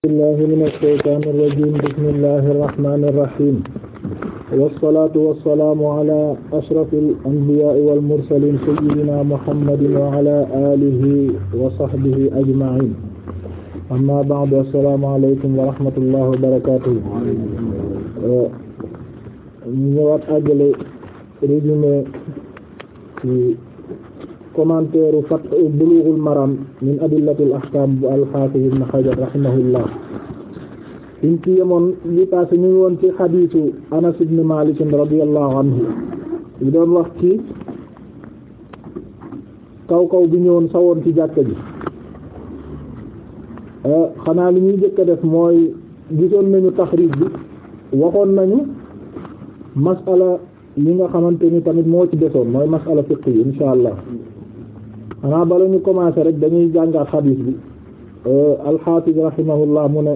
billahi min alsheytaan irrajim bismillahi irrahmani irrahim walsalatu walsalaamu ala ashrafi alanbiyai walmursalin sayidina mohammadin waala alihi wa sahbihi ajmain amma ba'du assalaamu aleykum wa rahmatullahi wa barakatuhu ñëwaat àggale résumé ci commentaire fat bulughul maram min adillatil ahkam bu al-hafiz ibn hajar rahimahullah liñ ci yemoon li ñu ngi woon ci xadiisu anas ibn malik radiyallahu anhu li doon wax ci kaw kaw bi ñëwoon sawoon ci jàkka ji euh, xanaa li ñuy jëkk a def mooy gisoon nañu taxriij bi waxoon nañu masala yi nga xamante ni tamit moo ci desoon mooy masala fiqh yi insha allah xanaa bala ñu commencé rek dañuy jàngaat xadiis bi euh, alxaafis rahimahullah mu ne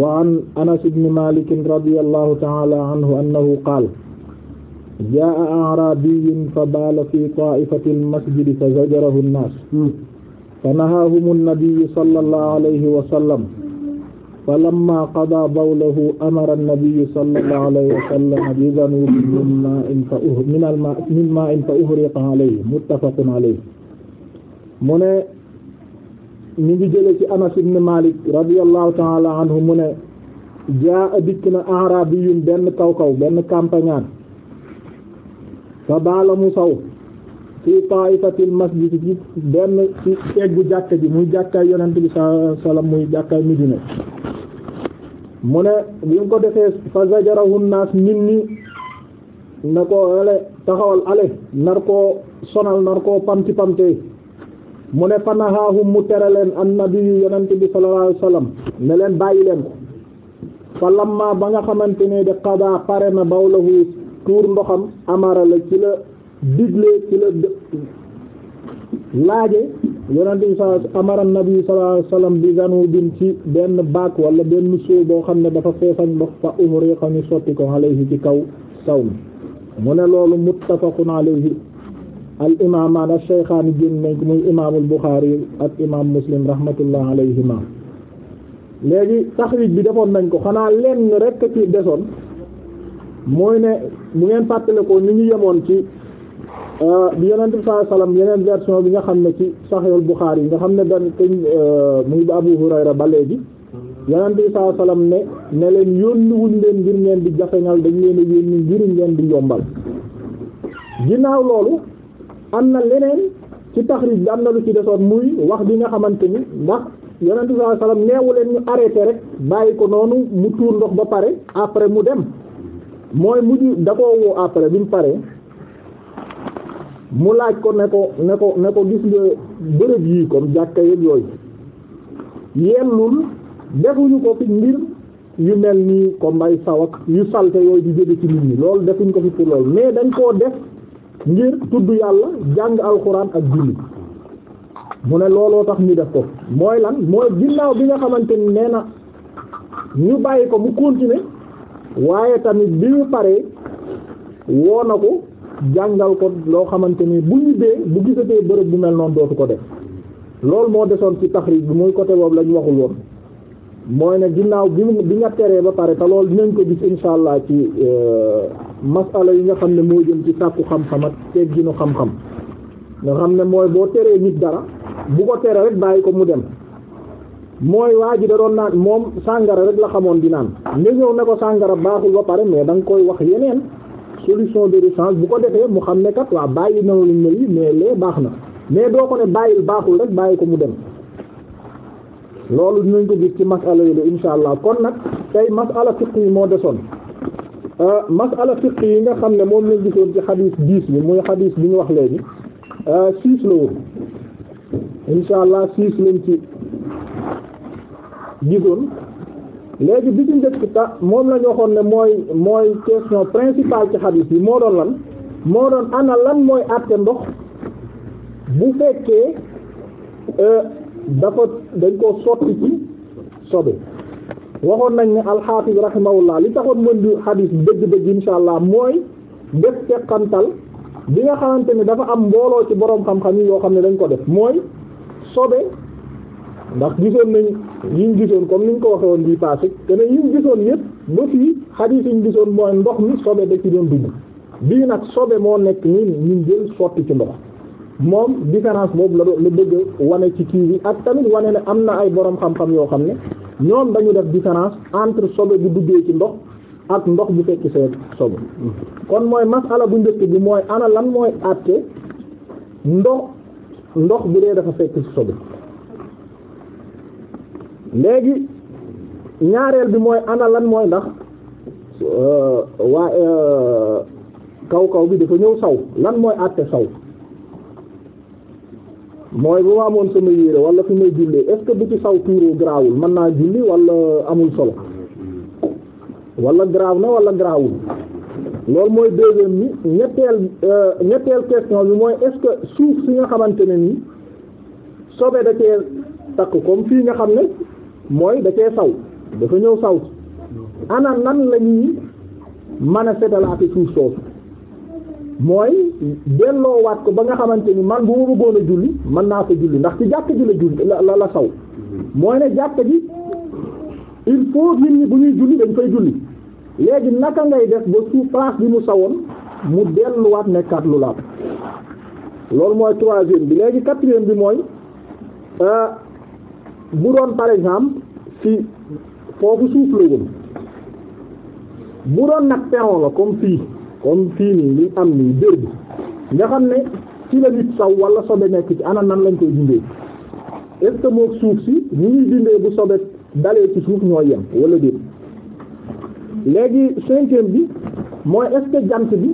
wa an anas ibni malikin radiallahu taala anhu annahu qaal jaa aarabiyun fa baala fi taifati almasjidi fa zajarahu nnaas fa nahaahumu nnabiyu sallallahu alayhi wa sallam fa lamma qada bawlahu amara an-nabiy sallallahu alayhi wa sallam bi dhanubi min ma'in fa uhriqa min al-ma' min ma'in fa uhriqa alayhi muttafaqun alayhi mu ne ñu ngi jële ci Anas ibn Malik radiyallahu ta'ala anhu mu ne jaa dikk na arabiyun benn kaw kaw benn campagnard fa baala mu saw fii ta'ifatil masjid ci benn ci teggu jàkka ji muy jàkkaay yonent bi sallallahu alayhi wa sallam muy jàkkaay Medina mu ne bi ko defee fa zajarahu naas nit ñi na ko ale taxawal ale nar koo sonal nar koo pamti pamte mu ne fa nahaahum mu tere leen an nabiyu yonente bi sallallahu alayhi ne leen bàyyi leen ko fa lamma ba nga xamante ne de xadaa pare na bawlahu tuur ndoxam amara la ci la digle ci la laaje yonent bi sa amara nabi sallallahu alayhi wasallam bi ci benn baak wala benn soo boo xam ne dafa fees ak ndox fa uhriqa ñu sotti ko alayhi ci kaw saw mi mu ne loolu muttafaqun alayhi al imaamaan al shaykhaani génn nañ ko muy imaamul Buxaari ak imaam Muslim rahmatullah alayhima léegi taxriij bi defoon nañ ko xanaa lenn rekk ci desoon mooy ne bu ngeen fàttale ko ni ñu yemoon ci Euh, bi bi sallallahu alayhi wasallam yeneen version bi nga xam ne ci Sahih yi nga xam ne dan teñ euh, muy ba Abu Hurayra ba léegi yonent bi sallallahu alayhi wasallam ne ne leen yónniwuñ leen ngir ngeen di jafeñal dañ leen a yónni ngir ngeen di yombal ginnaaw loolu am na leneen ci taxrij bi am na lu ci desoon muy wax bi nga xamante ni ndax yeneen bi sallallahu alayhi wasallam neewu leen ñu arrêté rek bàyyi ko noonu mu tuur ndox ba pare après mu dem mooy mujj da koo woo après bi mu paree mu laaj ko ne ko ne ko ne ko gis nga bërëb yii comme jàkka yëg yooyu yellul defuñu ko fi ngir yu mel nii comme ay sawak yu salte yooyu di jóge ci nit ñi loolu defuñ ko fi pour mais dañ koo def ngir tudd yàlla jàng alxuraan ak julli mu ne looloo tax ñu def ko mooy lan mooy ginnaaw bi nga xamante ni nee na ñu bàyyi ko mu continuer waaye tamit bi ñu paree woo na ko jàngal ko loo xamante ni bu ñu dee bu gisatee bërëb bu mel noonu dootu ko def loolu moo desoon ci taxriij bi muy côté boobu la ñu waxul woon mooy ne ginnaaw bi mu bi nga teree ba pare te loolu dinañ ko gis insha allah ci euh, masala yi nga xam ne jëm ci sàkku xam ak tegginu xam-xam nga xam ne mooy boo teree nit dara bu ko teree rek bàyyi ko mu dem mooy waa ji da doon naan moom sàngara rek la xamoon di naan nga ñëw ne ko sàngara baaxul ba pare mais da nga koy wax yeneen. solution de rechange bu ko defee mu xam ne kat waa bàyyi na lu mel ni mais lee baax na mais doo ko ne bàyyil baaxul rek bàyyi ko mu dem loolu dinañ ko gis ci masala yi la insha allah kon nag tey masala fiq yi moo desoon euh, masala fiq yi nga xam ne moom lañ gisoon ci xadiis dix bi muy xadiis bi ñu wax léegi euh, six la woon insha allah six lañ ci gisoon léegi bi ci njëkk ta moom lañu waxoon ne mooy mooy question principale ci xadiis bi moo doon lan moo doon ana lan mooy àtte ndox bu fekkee euh, dafa dañ ko sotti ci sobe waxoon nañ ne alxaafis rahimahullah li taxoon mën di xadiis dëgg-dëgg insha allah mooy def teqantal bi nga xamante ne dafa am mbooloo ci boroom xam-xam yi yoo xam ne dañ ko def mooy sobe ndax gisoon nañ yi ñu gisoon comme ni ko waxee woon bii passé te ne yi ñu gisoon yëpp ba fii xadiis yi ñu gisoon mooy ndox mi sobe da ci doon dugg bii nag sobe moo nekk ni ñu jël sotti ci ndox moom différence boobu la la bëgg wane ci kii bi ak tamit wane ne am na ay borom xam-xam yoo xam ne ñoom dañu def différence entre sobe bu duggee ci ndox ak ndox bu fekk see sobe kon mooy masala bu njëkk bi mooy ana lan mooy àtte ndox ndox bu dee dafa fekk ci sobe léegi ñaareel bi mooy ana lan mooy ndax euh, waa euh, kaw kaw bi dafa ñëw saw lan mooy àtte saw mooy bu ma amoon sama yére wala fi may jullee est-ce que bu ci saw tuuru garaawul mën naa julli wala amul solo wala garaaw na wala garaawul loolu mooy deuxième mi ñetteel euh, ñetteel question bi mooy est-ce que suuf si nga xamante ne ni sobe da cee takk comme fii nga xam ne mooy da cee saw dafa ñëw saw ana nan lañuy man mën a setalaate suuf soosu mooy waat ko ba nga xamante ni man bu ma bëggoon a julli mën naa ko julli ndax ci jàkka ji la julli la la saw mooy ne jàkka ji il faut nit ñi bu ñuy julli dañ fay julli léegi naka ngay def ba suuf place bi mu sawoon mu delluwaat nekkaat lu laab loolu mooy troisième bi léegi quatrième bi mooy euh, bu doon par exemple si foofu suuf la woon bu doon nag peron la comme fii comme fii nii li am nii dër bi nga xam ne ci la nit saw wala sobe nekk ci ana nan lañ koy dindee est ce que moog suuf si ñu ngi dindee bu sobe dalee ci suuf ñoo yem wala déet léegi cinquième bi mooy est ce que jant bi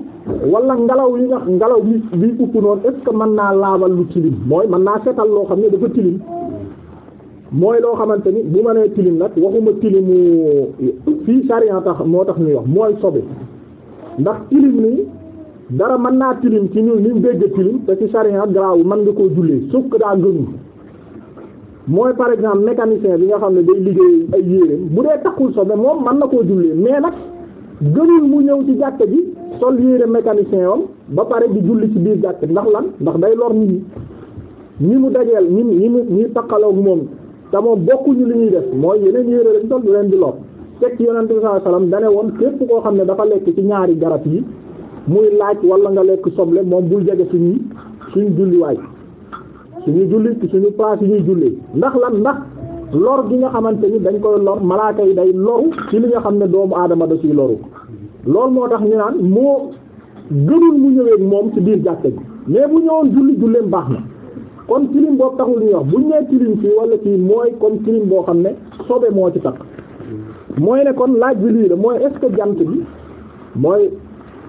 wala ngelaw yi nga ngelaw bi bi upp noonu est ce mën naa laabal lu tilim mooy man naa setal loo xam ne dafa tilim mooy loo xamante ni bi ma nee tilim nag waxuma tilimu fii sariya tax moo tax ñuy wax mooy sobe ndax tilim nii dara mën naa tilim ci ñun ñu dégg tilim te ci sariya garaaw mën nga koo jullee suuf daa gënul mooy par exemple mécanicien bi nga xam ne day liggéey ay yéreem bu dee takkul sobe moom mën na koo jullee mais nag gënul mu ñëw ci jàkka bi sol yére mécanicien yom ba pare di julli ci biir jàkka ndax lan ndax day lor nit ñi mu dajeel ni ñi mu ñi takkaloog moom te moom bokkuñu li ñuy def mooy yeneen yére lañ sol leen di lor teg ci dane woon képp koo xam ne dafa lekk ci ñaari garab yi muy laaj wala nga lekk soble moom bul jege suñuy suñu julliwaay suñu julli suñu place yi ñuy julli ndax lan ndax lor gi nga xamante ni dañ koy lor malaaka yi day loru ci li nga xam ne doomu aadama da ciy loru loolu moo tax ñu naan moo gënul mu ñëwee moom ci biir jàkka ji mais bu ñëwoon julli julleem baax na kon tilim boobu taxul ñuy wax bu ñu nee tilim fii wala fii mooy comme tilim boo xam ne sobe moo ci takk mooy ne kon laaj bi lii la mooy est-ce que jant bi mooy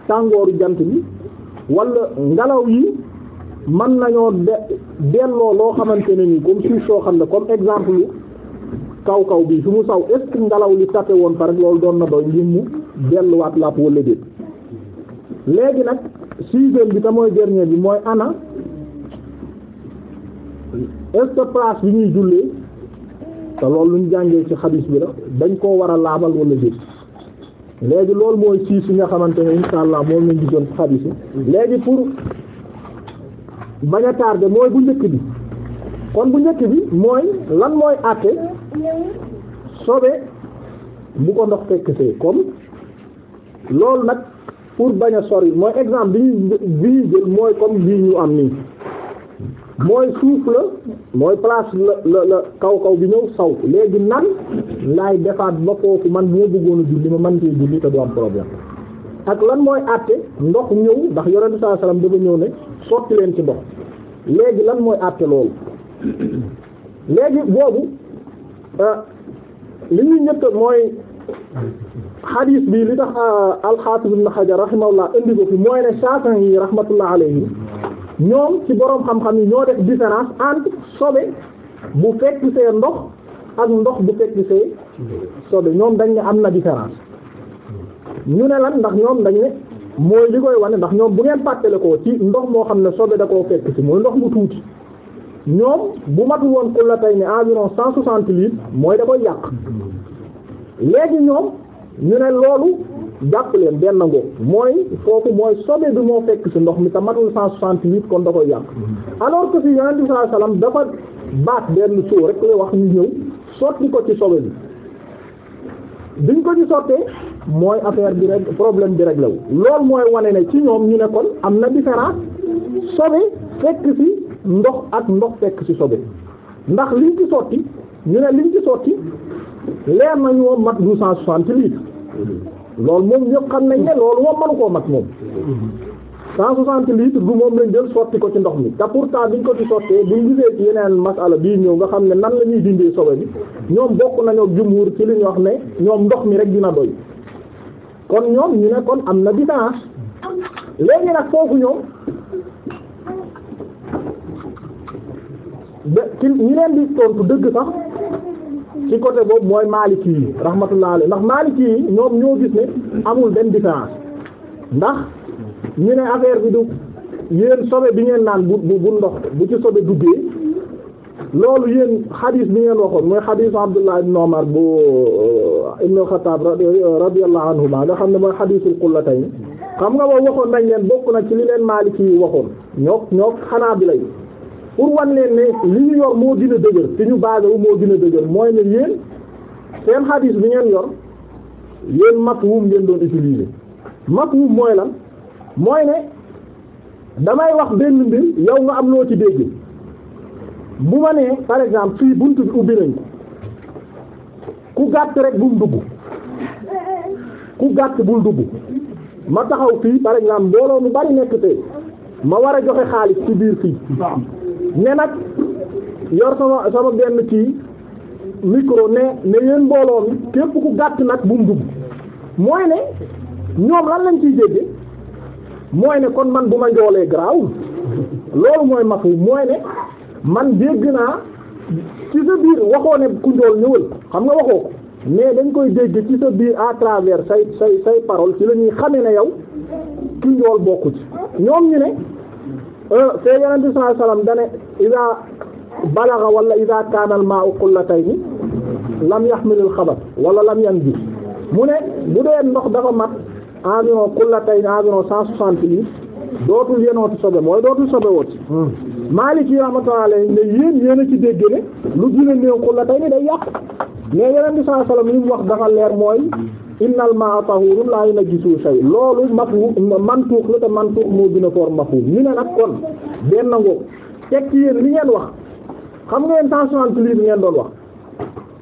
tàngooru jant bi wala ngelaw yi man nañoo de delloo loo xamante ne nii comme suuf soo xam ne comme exemple kaw kaw bi su mu saw est-ce ngelaw li tape woon par exemple loolu doon na doy ngir mu delluwaat làpp wala déet léegi nag sixième bi te mooy dernier bi mooy ana est place bi ñuy jullee te loolu lu ñu jàngee ci xadis bi la dañ koo war a laabal wala déet léegi loolu mooy siis yi nga xamante ne insha allah moom lañ gisoon ci xadis léegi pour baña a tardé mooy bu njëkk bi kon bu njëkk bi mooy lan mooy àtte sobe bu ko ndox fekksee comme loolu nag pour bañ a sori mooy exemple bi ñu bi ñu jël mooy comme bii ñu am nii mooy suuf la mooy place la la la kaw kaw bi ñëw saw léegi nan laay defaat ba foofu man moo bëggoon a julli ma man tee julli te du am problème ak lan mooy àtte ndox ñëw ndax yonent saa salaam dafa ñëw ne sotti leen ci ndox léegi lan mooy àtte loolu léegi boobu euh, li ñuy ñett mooy xadiis bi li tax euh, alxaafis ibn Hajar rahimahullah indi ko fi mooy ne Shaafi'i yi rahmatullah alayhi ñoom ci boroom xam-xam yi ñoo def différence entre sobe bu fekk see ndox ak ndox bu fekk see sobe ñoom dañ ne am na différence ñu ne lan ndax ñoom dañ ne mooy li koy wane ndax ñoom bu ngeen fàttale koo ci ndox moo xam ne sobe da koo fekk si mooy ndox mu tuuti ñoom bu mat woon ku la tey ne environ cent soixante litres mooy da koy yàq léegi ñoom ñu ne loolu jàpp leen benn ngoo mooy foofu mooy sobe bi moo fekk ci ndox mi te matul cent soixante-huit kon da koy yàq alors que fi yonent bi sallallahu dafa baat benn soo rek la wax ñu ñëw sotti ko ci sobe bi biñ ko ci sottee mooy affaire bi rek problème bi rek la wu loolu mooy wane na ci ñoom ñu ne kon am na différence sobe fekk si ndox ak ndox fekk ci sobe ndax liñ ci sotti ñu ne liñ ci sotti leer nañu mat douze cent soixante litres loolu moom ñëpp xam nañ ne loolu moom mënu koo mat moom cent soixante litres du moom lañ jël sotti ko ci ndox mi te pourtant biñ ko ci sottee buñ gisee ci yeneen masala bii ñëw nga xam ne nan la ñuy dindee sobe bi ñoom bokk nañoo jumhur ci li ñu wax ne ñoom ndox mi rek dina doy kon ñoom ñu ne kon am na différence léegi nag foofu ñoom ba ci ñi leen di tontu dëgg sax ci côté boobu mooy Maliki yi rahmatullah alayhi ndax Maliki yi ñoom ñoo gis ne amul benn différence ndax ñu ne affaire bi du yéen sobe bi ngeen naan bu bu ndox bu ci sobe duggee loolu yéen xadiis bi ngeen waxoon mooy xadiis Abdullah ibn Umar bu euh, ibn Khattab radiyallahu anhuma nga xam ne mooy xadiisul qullatayn xam nga boo waxoon nañ leen bokk na ci li leen Maliki yi waxoon ñook ñook Hanabila yi pour wan leen ne li ñu yor moo dina a dëgër fi ñu basé wu moo gën a dëgër mooy ne yéen seen xadiis bi ngeen yor yéen mafhum ngeen doon utiliser mafhum mooy lan mooy ne damay wax benn mbir yow nga am loo ci dégg bu ma nee par exemple fii bunt bi ubbi nañ ku gàtt rek bu mu dugg ku gàtt bul dugg ma taxaw fii par exemple mbooloo mu bari nekk tey ma war a joxe xaalis ci biir fii ne nag yor sama sama benn kii micro ne ne yéen mbooloo mi képp ku gàtt nag bu mu mooy ne ñoom lan lañ ciy dégge mooy ne kon man bu ma njoolee garaawul loolu mooy mafu mooy ne man dégg naa ci sa biir waxoo ne ku njool ñëwal xam nga waxoo ko mais dañ koy dégg ci sa biir à travers say say say parole ci la ñuy xamee ne ku njool bokku ñoom ñu ne euh, fee yonent bi sallallahu alayhi wasallam ida balaga wala ida kaana al ma'u qullatayni lam yahmil al xabath wala lam yanji mu ne bu dee ndox dafa mat environ qullatayni environ cent soixante litres dootul yenooti sobe mooy dootul sobe wooti Maalik yi rahmatullahi ne yéen yéen a ci dégg ne lu gën a néew qullatayni day yàq mais yeneen bi sallallahu alayhi mu wax dafa leer mooy innal ma'a tahurun la yunajjisu shay loolu mafhum mantuux la te mantuux moo gën a foor mafhum ñu ne nag kon benn fekk yéen li ngeen wax xam ngeen cent livres ngeen doon wax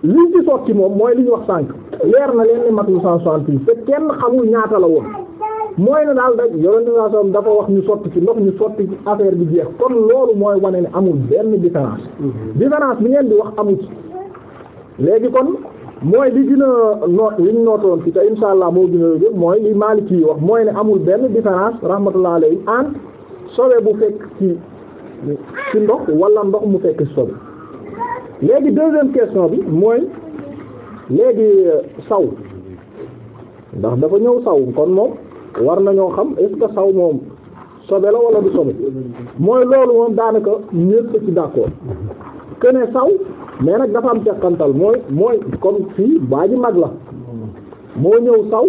liñ ci sotti moom mooy li ñu wax sànq leer na leen mag matul cent soixante livres te kenn xamul ñaata la woon mooy ne daal da yolente son dafa wax ñu sotti ci ndox ñu sotti ci affaire bi jeex kon loolu mooy wane ne amul benn différence mhm. différence bi ngeen di wax amul ci léegi kon mooy li gën a noot liñ nootoon ci te insha allah moo gën a yëg mooy li Maliki yi wax mooy ne amul benn différence rahmatullah alayhi an sobe bu ci ndox walla ndox mu fekk sobe léegi deuxième question bi mooy léegi euh, saw ndax dafa ñëw saw kon moom war nañoo xam est-ce que saw moom sobe la wala du sobe mooy loolu moom daanaka ñëpp ci d'accord que saw mais nag dafa am teqantal mooy mooy comme fii baa ji mag la moo ñëw saw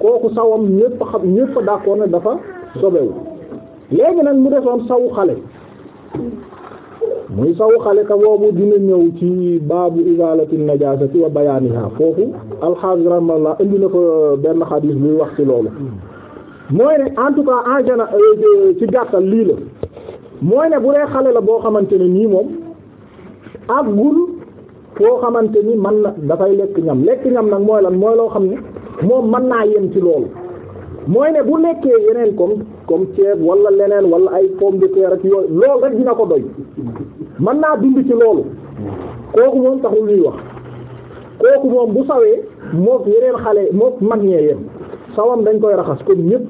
kooku sawam ñëpp xam ñëpp d'accord ne dafa sobewu léegi nag mu desoon sawu xale muy saw xale ka boobu dina ñëw ci baabu izalati najasati wa bayaniha foofu alxaafis rahmallah indi na fa benn xadiis buy wax ci loolu mooy ne en tout cas en général euh, ci gàttal lii la mooy ne bu dee xale la boo xamante ne nii moom àggul foo xamante ni man na dafay lekk ñam lekk ñam nag mooy lan mooy loo xam ne moom mën naa yem ci loolu mooy ne bu nekkee yeneen comme comme ceeb wala leneen wala ay pomme de terre ak yooyu loolu rek dina ko doy man naa dind ci loolu kooku moom taxul ñuy wax kooku moom bu sawee mook yeneen xale mook mag ñee yem sawam dañ koy raxas comme ñëpp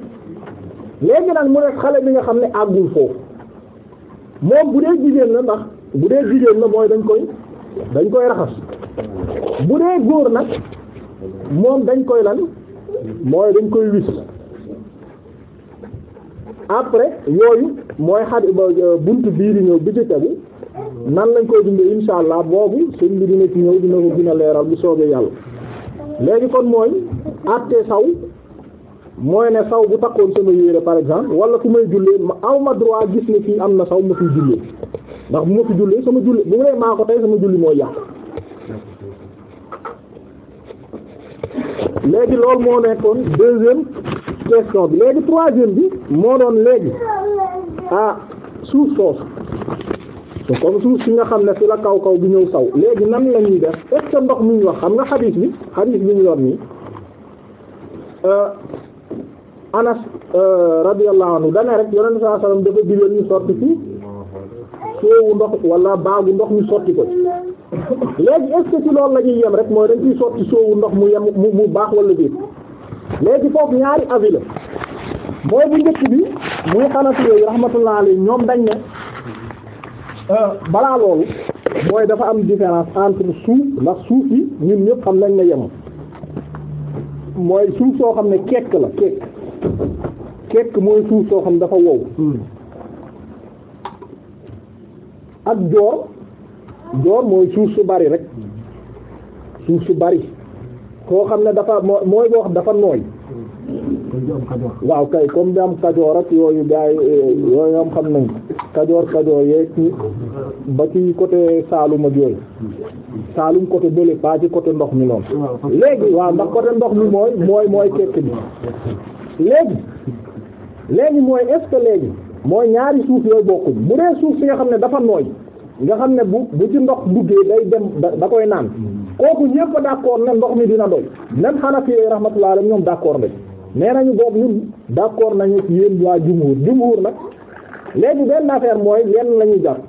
léegi nag mu nekk xale bi nga xam ne àggul foofu moom bu dee jigéen la ndax bu dee jigéen la mooy dañ koy dañ koy raxas bu dee góor nag moom dañ koy lan mooy dañ koy wis après yooyu mooy xar euh, bunt bii di ñëw bi ci tegu nan lañ koy dundee insha allah boobu sëñ bi dina ci ñëw dina ko gën a leeral bu soobee yàlla léegi kon mooy àttee saw mooy ne saw bu takkoon sama yére par exemple wala fu may jullee ma aw ma droit gis ne fii am na saw ma fi jullee ndax bu ma fi jullee sama julli bu dee maa ko tey sama julli mooy yàq léegi loolu moo nekkoon deuxième question bi léegi troisième bi moo doon léegi ah suuf soosu comme suuf si nga xam ne si la kaw kaw bi ñëw taw léegi nan la ñuy def est-ce ndox mi wax xam nga xadiis bi xadiis bi ñu yor nii euh, Anas euh, radiyallahu anhu dana rek yonent sallallahu alayhi wala baagu ndox ñu sotti ko léegi est rek mooy dañ ndox mu yem mu baax walla déet. léegi foofu ñaari avis la mooy bu njëkk bi muy xanatu yooyu rahmatullah alayhi ñoom dañ ne euh, balaa loolu mooy dafa am différence entre suuf ndax suuf yi ñun ñëpp xam nañ ne yemul mooy suuf soo xam ne kekk la kekk kekk mooy suuf soo xam dafa wow ak joor joor mooy suuf su bari rek suuf su bari koo xam ne dafa mooy boo xam dafa nooy waaw kay comme bi am kajoor ak yooyu gaay eh, yooyu am xam nañ kajoor kajoor yeeg ba ci côté Saalum ak yooyu Saalum côté bële pas ci côté ndox mi noonu léegi waaw ndax côté ndox mi mooy mooy mooy kekk bi léegi léegi mooy est-ce que léegi mooy ñaari suuf yooyu bokkuñ bu dee suuf si nga xam ne dafa nooy nga xam ne bu bu ci ndox duggee day dem da koy naan kooku ñëpp a d'accord ne ndox mi dina doy même Hanafi yi rahmatullah alayhi ñoom d'accord nañ nee nañu boobu ñun d'accord nañu ci yéen waa jumhur jumhur nag léegi benn affaire mooy lenn la ñuy jàpp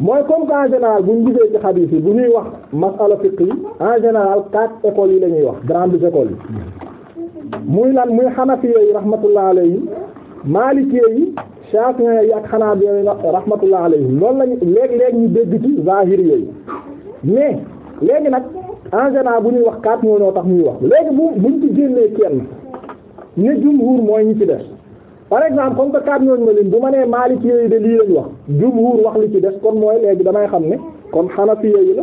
mooy comme que en général bu ñu gisee ci xadiis yi bu ñuy wax masala fiqh yi en général quatre école yi la ñuy wax grandes écoles yi muy lan muy Hanafi yi rahmatullah alayhi Maliki yi Shafi'i yi ak xanaa Hanbali yi rahmatullah alayhi loolu lañu léeg-léeg ñu dégg ci zahiri yooyu mais léegi nag en général bu ñuy wax quatre ñoo ñoo tax muy wax léegi bu buñ ci génnee kenn ne jumhur mooy ñu ci des par exemple kon que quatre ñooñu ma lim bu ma nee Maliki yooyu de lii lañ wax jumhur wax li ci des kon mooy léegi damay xam ne kon Hanafi yi la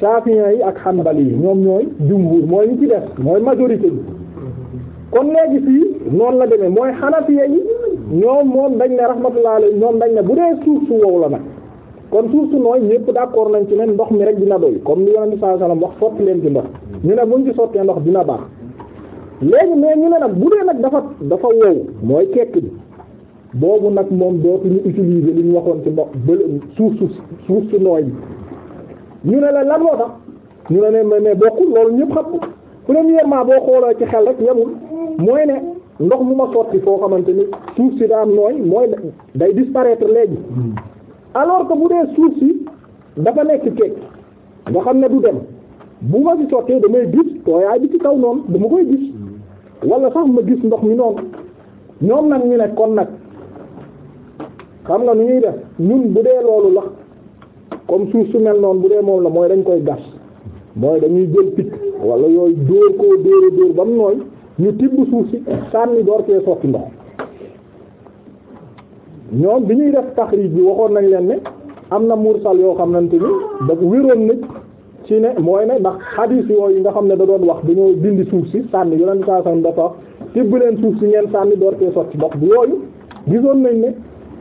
Shafi'i yi ak xam Hanbali yi ñoom ñooy jumhur mooy ñu ci des mooy majorité bi kon léegi fii noonu la demee mooy Hanafi yi ñoom moom dañ ne rahmatullah alayhi ñoom dañ ne bu dee suuf su wow la nag kon suuf su nooy ñëpp d'accord nañ ci ne ndox mi rek dina doy comme ni yonent bi sallallahu alayhi wasallam wax sotti leen ci ndox ñu ne buñ ci sottee ndox dina baax léegi mais ñu ne nag bu dee nag dafa dafa wow mooy kekk bi boobu nag moom dootuñu utiliser li ñu waxoon ci ndox bële suuf su suuf su nooy ñu ne la lan moo tax ñu ne ne mais bokkul loolu ñëpp xam premièrement boo xooloo ci xel rek yemul mooy ne. ndox mu ma sotti foo xamante ni suuf si daa am nooy mooy day disparaître léegi alors que bu dee suuf si dafa nekk kekk nga xam ne du dem bu ma ci sottee damay gis tooyaay bi ci kaw noonu dama koy gis wala sax ma gis ndox mi noonu ñoom nag ñu ne kon nag xam na nu ñuy def ñun bu dee loolu la comme suuf su mel noonu bu dee moom la mooy dañ koy gas mooy dañuy jël picc wala yooyu dóor koo dóora dóor ba mu nooy ñu tibb suuf si sànni door cee sotti ndox ñoom bi ñuy def taxrij bi waxoon nañ leen ne am na mursal yoo xamante ni da wéroon na ci ne mooy ne ndax xadiis yooyu nga xam ne da doon wax dañoo dindi suuf si sànni yonent saa san dafa wax tibb leen suuf si ngeen sànni door cee sotti ndox bu yooyu gisoon nañ ne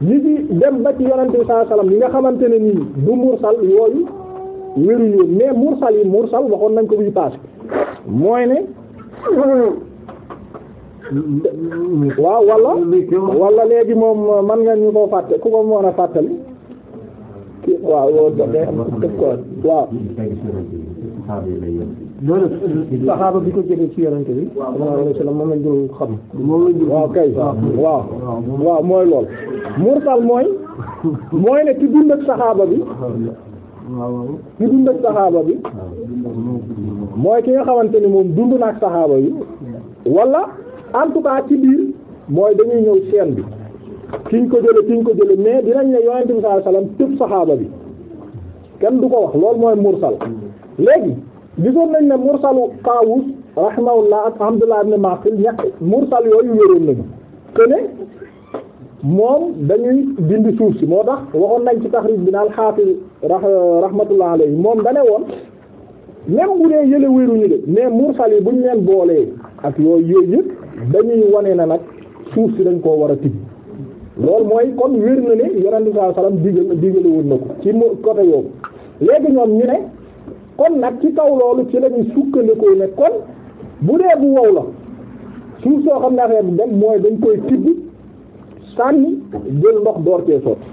yi ci dem ba ci yonent bi saa sallam yi nga xamante ne nii du mursal yooyu wéruñu mais mursal yi mursal waxoon nañ ko buy paase mooy ne waaw wala wala léegi moom euh, man nga ñu koo fàtte ku ko mën a fàttali kii waaw loolu def ko waaw loolu bi ko jëlee ci yonente bi sallallahu alayhi wasallam moom lañ doon xam waaw kay waaw waaw mooy lool mursal mooy mooy ne ki dund ak saxaaba bi ki dund ak saxaaba bi mooy ki nga xamante ni moom dund na ak saxaaba bi wala en tout cas ci biir mooy dañuy ñëw seen bi kiñ ko jële kiñ ko jële mais dinañ ne yonent bi sallallahu alayhi wasallam saxaaba bi kenn du ko wax loolu mooy mursal léegi di nañ ne mursalu Taawus rahimahullah ak Abdullah ibn Maqil ñaq mursal yooyu wéroon nañu te ne moom dañuy suuf si moo tax waxoon nañ ci taxrij bi naal xaafis rahmatullah alayhi moom dane woon même bu dee yële wéruñu de mais mursal yi buñ leen boolee ak yooyu yëpp dañuy wane na nag suuf si dañ koo war a tibb loolu mooy kon wér na ne yonent bi sallallahu alayhi wasallam digal digale woon na ko ci côté yoobu léegi ñoom ñu ne kon nag ci kaw loolu ci lañuy sukkandikoo ne kon bu dee bu wow la suuf soo xam ne affaire bi dem mooy dañ koy tibb sànni jël ndox door cee sotti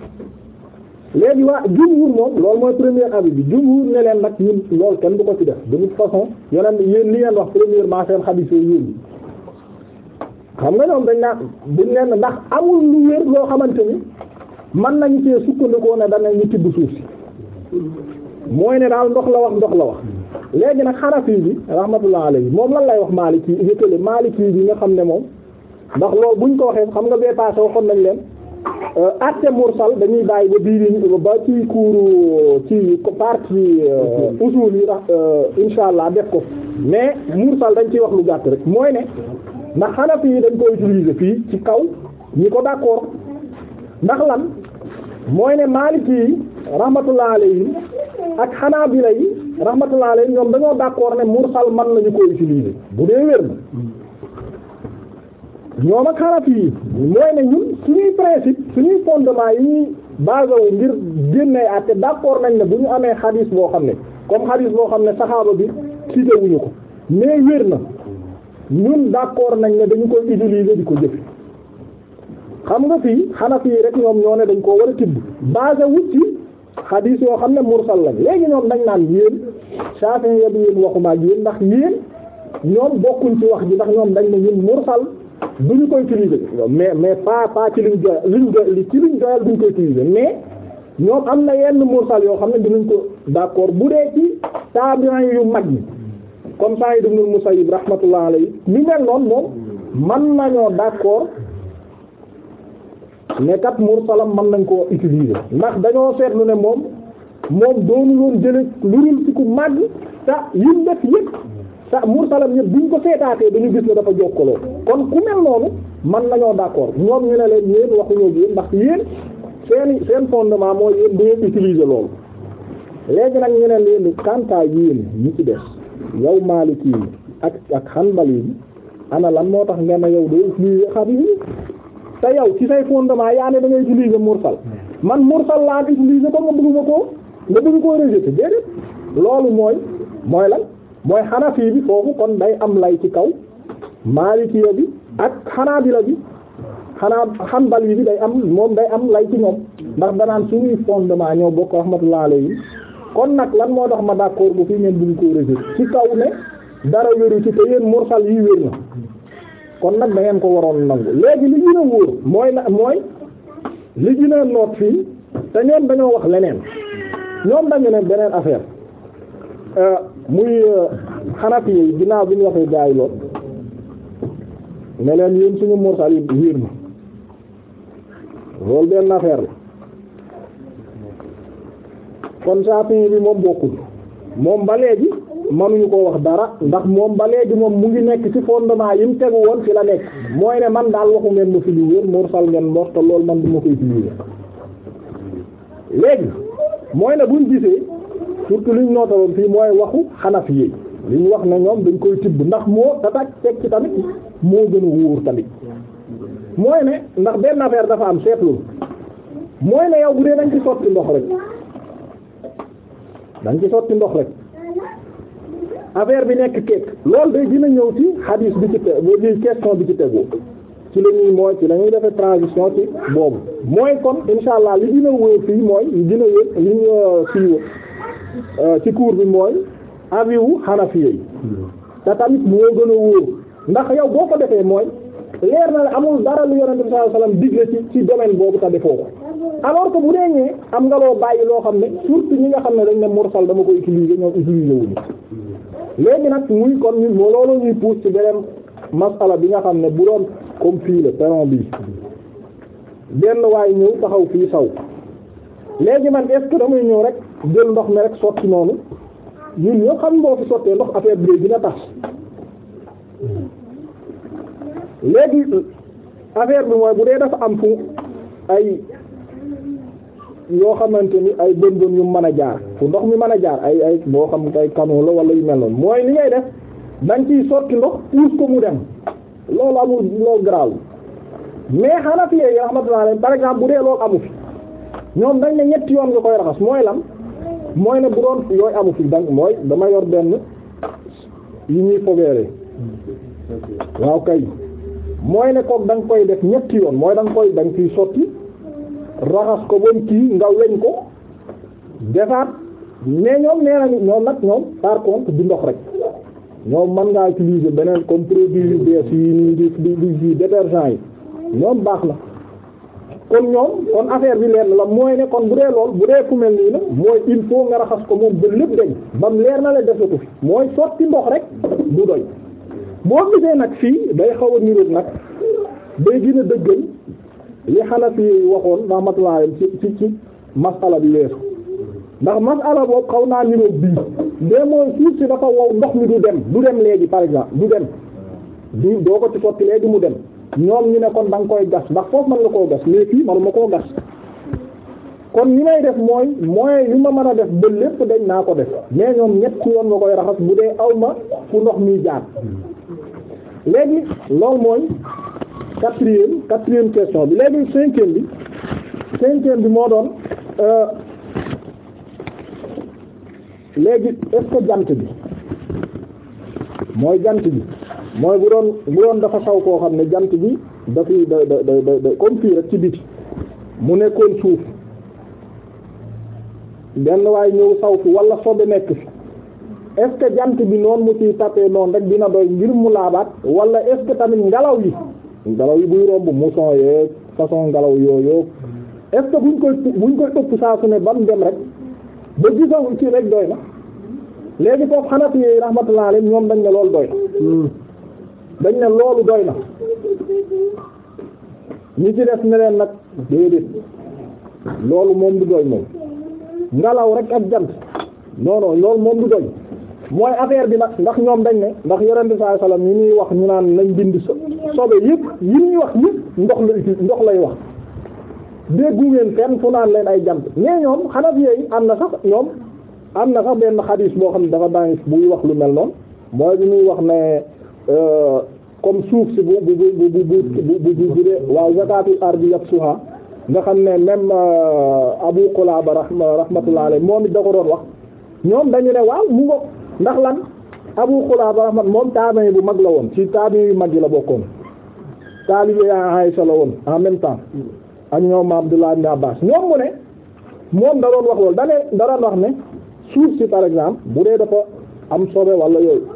léegi waa jumhur moom loolu mooy premier avis bi jumhur ne leen nag ñu loolu kenn du ko ci def de toute façon yonent yéen li ngeen wax premièrement seen xadiis yooyu yéen xam nga ñoom dañ naan buñ leen ndax amul lu wér loo xamante ni man nañu cee sukkandikoo ne danañu tibb suuf si mooy ne daal ndox la wax ndox la wax léegi nag xarafi bi rahmatullah alayhi moom lan lay wax Maliki yëkkale Maliki bi nga xam ne moom ndax loolu buñ ko waxee xam nga bee passé waxoon nañ leen euh, acte mursal dañuy bàyyi ba biir ba ci kuuru ci partie euh, usul yi euh, insha allah def ko mais mursal dañ ciy wax lu gàtt rek mooy ne. ndax Hanafi yi dañ koy utiliser fii ci kaw ñi ko d'accord ndax lan mooy ne Maliki yi rahmatullah alayhim ak Hanabila yi rahmatullah alayhim ñoom dañoo d'accord ne mursal man nañu koy utiliser bu dee wér na ñoom ak Hanafi yi mooy ne ñun suñuy principe suñuy fondement yi ñuy basé wu ngir génnee àtte d'accord nañ ne bu ñu amee xadiis boo xam ne comme xadiis boo xam ne saxaaba bi cité ko mais wér na ñun d'accord nañ ne dañu koy utiliser di ko jëfe xam nga fii Hanafi yi rek ñoom ñoo ne dañ koo war a tibb basé wut ci xadiis yoo xam ne mursal lañ léegi ñoom dañ naan yéen Shafi'i yéen yéen waxuma ak yéen ndax yéen ñoom bokkuñ ci wax ji ndax ñoom dañ ne ñun mursal ñu koy utiliser mais mais pas pas ci liñ joyal liñ joyal ci liñ joyal duñ koy utiliser mais ñoom am na yenn mursal yoo xam ne dinañ ko d'accord bu dee ci taabi'in yu mag yi comme Saïd ibn Musayyib rahmatullah alayhi ñu mel noonu moom man nañoo d'accord ne kat mursalam man nañ koo utiliser ndax dañoo seetlu ne moom moom doonu loon jële lurul ci ku màgg ta yim def yëpp ta mursalam yëpp buñ ko seetaatee dañu gis ne dafa jokkaloo kon ku mel noonu man nañoo d'accord ñoom ñu ne leen yéen waxuñoo yéen ndax yéen seen seen fondement mooy yéen dañoo utiliser loolu léegi nag ñu ne leen quant à yéen ci des yow Maliki yi ak ak Hanbali yi ana lan moo tax nga ne yow doo utilisé xabi te yow ci say fondement yaa ne da ngay utilisé mursal man mursal laa utilisé ba nga bëgg ma koo nga bëgg koo rejeté déedéet loolu mooy mooy lan mooy Hanafi bi foofu kon day am lay ci kaw Maliki bi ak Hanabila bi xanaa Hanbali bi day am moom day am lay ci moom ndax danaan suñuy fondement ñoo bokk rahmatullah alayhi kon nag lan moo tax ma d'accord bu fii ngeen buñ ko rejeté ci kaw ne dara wéru ci te yéen mursal yi wér na kon nag da ngeen ko waroon nangu léegi li gën a wóor mooy nag mooy li gën a noot fii te ñoom dañoo wax leneen ñoom dañu ne beneen affaire euh, muy euh, Hanafi yi ginnaaw bi ñu waxee gaay lool ne leen yéen suñu mursal yi wér na loolu benn affaire la kon Shafi'i bi moom bokkul moom ba léegi manuñu ko wax dara ndax moom ba léegi moom mu ngi nekk ci fondement yi mu tegu woon fi la nekk mooy ne man daal waxu ngeen ma fi lu wér mursal ngeen wax te loolu man du ma koy fi lu wér léegi mooy ne buñ gisee surtout liñ nootaloon fii mooy waxu xanaf yi liñ wax na ñoom dañ koy tibb ndax moo tatak teg ci tamit moo gën wóor tamit mooy ne ndax benn affaire dafa am seetlu mooy ne yow bu dee dañ ci sotti ndox da nga ci ndox rek affaire bi nekk keek loolu day dina ñëw ci xadiis bi ci te bi question bi ci tegu ci la ñuy mooy ci la ñuy defee transition ci boobu mooy kon insha allah li dina wóor fii mooy li dina wóor li ñu fii euh, euh, ci cours bi mooy aviwu Hanafi yi te tamit moo gën a ndax yow boo ko defee mooy leer na la amul dara lu yonent bi sallallahu alayhi digle ci ci domaine boobu te defoo alors que bu dee ñee am nga loo bàyyi loo xam ne surtout ñi nga xam ne dañ ne mursal dama ko utiliser ñoom utiliser wuñu léegi nag muy kon ñun ñuy pousse ci beneen masala bi nga xam ne bu doon comme fii la peron bii benn waaye ñëw taxaw fii saw léegi man est-ce damay ñëw rek jël ndox mi rek sotti noonu ñun ñoo xam boo fi sottee ndox affaire bi dina tas léegi affaire bi mooy bu dee dafa am fu ay yoo xamante ni ay bën-bën yu mën a jaar fu ndox mi man a jaar ay ay boo xam ay canon la wala yu mel noonu mooy li ngay def da nga ciy sotti ndox puus ko mu dem loolu amul loolu garaaw mais xanaa fi yéen rahmatullah alayhi par bu dee loolu amu fi ñoom dañ ne ñetti yoon nga koy raxas mooy lan mooy ne bu doon yooyu amu fi dang mooy dama yor benn yi ñuy fobeere waaw kay mooy ne kook da nga koy def ñetti yoon mooy da nga koy da nga ciy sotti. raxas ko ba mu kii nga weñ ko defaat mais ñoom nee nañu ñoom nag ñoom par di ndox rek ñoom mën ngaa utiliser beneen comme produit yu bees yi nii di di di détergent yi ñoom baax na kon ñoom kon affaire bi na la mooy ne kon bu dee lool bu dee ku mel nii la mooy il faut nga raxas ko moom ba lépp dañ ba mu leer na la defatu fi mooy sotti ndox rek du doy boo gisee nag fii day xaw a niroog nag day gën a dëggal. li Hanafi yi waxoon rahmatullahi ci ci ci masala bi weesu ndax masala boobu kaw naa niroog bii mais mooy suuf si dafa wow ndox mi du dem du dem léegi par exemple du dem du doo ko ci sotti léegi mu dem ñoom ñu ne kon da nga koy gas ndax foofu mën la koo gas mais fii ma koo gas kon ñi may def mooy moyen yu ma mën a def ba lépp dañ naa ko def mais ñoom ñett ci yoon nga koy raxas bu dee aw ma fu ndox mi jaar léegi loolu mooy quatrième quatrième question bi léegi cinquième bi cinquième bi moo doon euh, léegi est-ce bi mooy jant bi mooy bu doon bu doon dafa xaw koo xam ne jant bi dafay da da da da comme fii rek ci biti mu nekkoon suuf benn waaye ñëw saw fi wala sobe nekk fi est jant bi noonu mu ciy tapé noonu rek dina doy ngir mu laabaat wala est-ce que tamit ngelaw yi ngelaw yi buy romb mousson yeeg façon ngelaw yooyu est ce que buñ koy buñ koy ëpp saa su ne ba mu dem rek ba gisoo ci rek doy na léegi foofu Hanafi yi rahmatullah alayhim ñoom dañ ne loolu doy na hmm. dañ ne loolu doy na ñi ci def ne nag déedéet loolu moom du doy moom ngelaw rek ak jant non non loolu moom du doy. mooy affaire bi nag ndax ñoom dañ ne ndax yonent bi sallallahu ñuy wax ñu naan nañ bind so sobe yëpp yi ñuy wax yëpp ndox la ndox lay wax déggu ngeen fenn fu naan leen ay jant ne ñoom xanaf yooyu am na sax ñoom am na sax benn xadiis boo xam ne dafa bànk buy wax lu mel noonu mooy bi muy wax ne comme suuf si bu bu bu bu bu bu dee waaw zakatul ardi yafsuha nga xam ne même Abu Qulaba rahmatullah alayhi moom it da ko doon wax ñoom dañu ne waaw mu ngo ndax lan Abu Xulaaba rahmat moom taabi'i bu mag la woon ci taabi'i yu mag yi la bokkoon taalibe Aysa la woon en même temps ak ñoom Abdullah ibn Abbas ñoom mu ne moom da wax loolu dane da doon wax ne suuf si par exemple bu dee dafa am sobe wala yooyu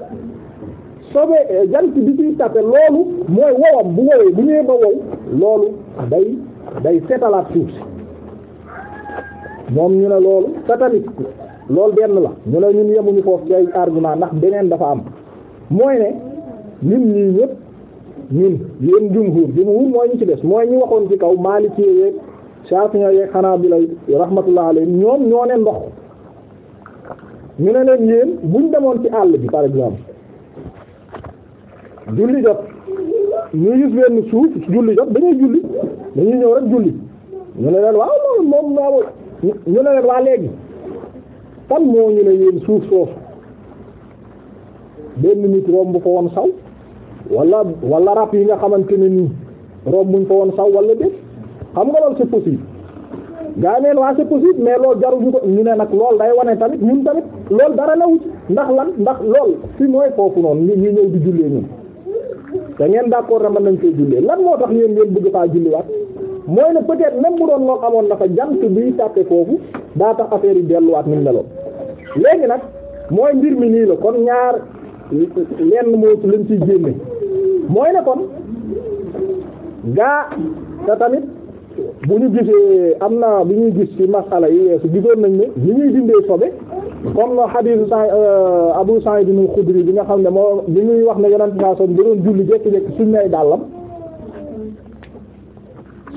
sobe eh, jant bi ciy tape loolu mooy wowam bu wowee bu ñëwee ba wow loolu day day setalaat suuf si ñoom ñu ne loolu te loolu denn la ñu ne ñun yemuñu foofu ci ay argument ndax beneen dafa am mooy ne ñun ñii ñëpp ñun yéen jumhur jumhur mooy ñu ci des mooy ñu waxoon ci kaw Maliki yeeg Shafi'i yeeg Hanabila rahmatullah alayhim ñoom ñoo ne ndox ñu ne leen yéen buñ demoon ci àll bi par exemple julli jot ñu gis benn suuf julli jot dañuy julli dañuy ñëw rek julli ñu ne leen waaw moom moom ñu ne leen waa léegi kan moo ñu ne yéen suuf soosu benn nit romb ko woon saw wala wala rab yi nga xamante ne nii rombuñ ko woon saw wala déet xam nga loolu c'est possible gaa neen waa c'est possible mais loolu jaruñu ko ñu ne nag lool day wane tamit ñun tamit loolu dara la wut ndax ndax lool fi mooy foofu noonu ñu ñëw di jullee ñun da ngeen d'accord na mën nañ koy jullee lan moo tax yéen ngeen bëgg faa julliwaat mooy ne peut-être même bu doon loolu amoon na fa jant biy tàppe foofu daa tax affaire yi delluwaat ni mu léegi nag mooy mbir mi nii la kon ñaar lenn moo ci lañ ciy génne mooy nekkoon kon gaa te tamit bu ñu gisee am na bi ñuy gis ci masala yi yeesu gisoon nañ ni li ñuy dindee sobe comme no hadith sa euh, Abu Sa'id al-Khudri bi nga xam ne moo bi ñuy wax na yonent saa son da doon julli jekki-jekki suñ nay dàllam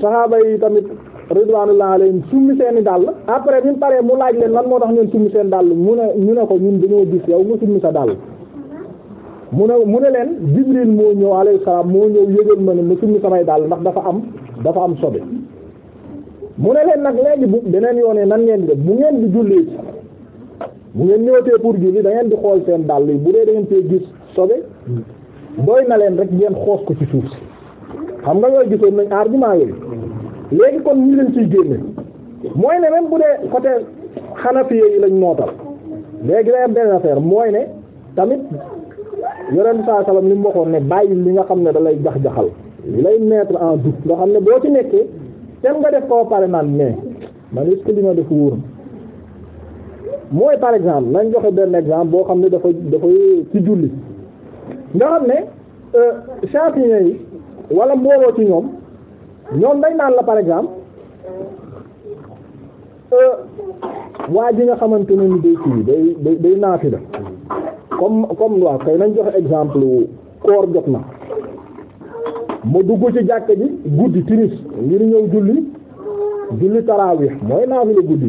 saxaaba yi tamit ridwaanullah alayhim summi seeni dàll après bi mu paree mu laaj leen lan moo tax ngeen summi seen dàll mu ne ñu ne ko ñun dañoo gis yow nga summi sa mu ne mu ne leen jibril moo ñëw alayhi salaam moo ñëw yëgal ma ne ma summi samay dàll ndax dafa am dafa am sobe mu ne leen nag léegi bu beneen yoonee nan ngeen di def bu ngeen di julli bu ngeen ñëwatee pour julli da dangeen di xool seen dàll yi bu dee da ngeen fee gis sobe doy na leen rek ngeen xoos ko ci suuf si xam nga yooyu gisoon nañ argument yooyu léegi kon ñu leen ciy génne mooy ne même bu dee côté Hanafi yi lañ nootal léegi day am benn affaire mooy ne tamit yonent saa salaam ni mu waxoon ne bàyyi li nga xam ne da lay jax-jaxal li lay mettre en doute nga xam ne boo ci nekkee tem nga def ko pare naan mais man est-ce que li ma def wóor mooy par exemple nañ joxe benn exemple boo xam ne dafa dafa ci julli nga xam ne euh, champignons yi wala mbooloo ci ñoom ñoom dañ naan la par exemple euh, waa ji nga xamante ne ni day kii day day day naafila comme comme waaw kay nañ joxe exemple koor jot na ma dugg ci jàkka bi guddi tinis ngir ñëw julli julli taraawih mooy naafila guddi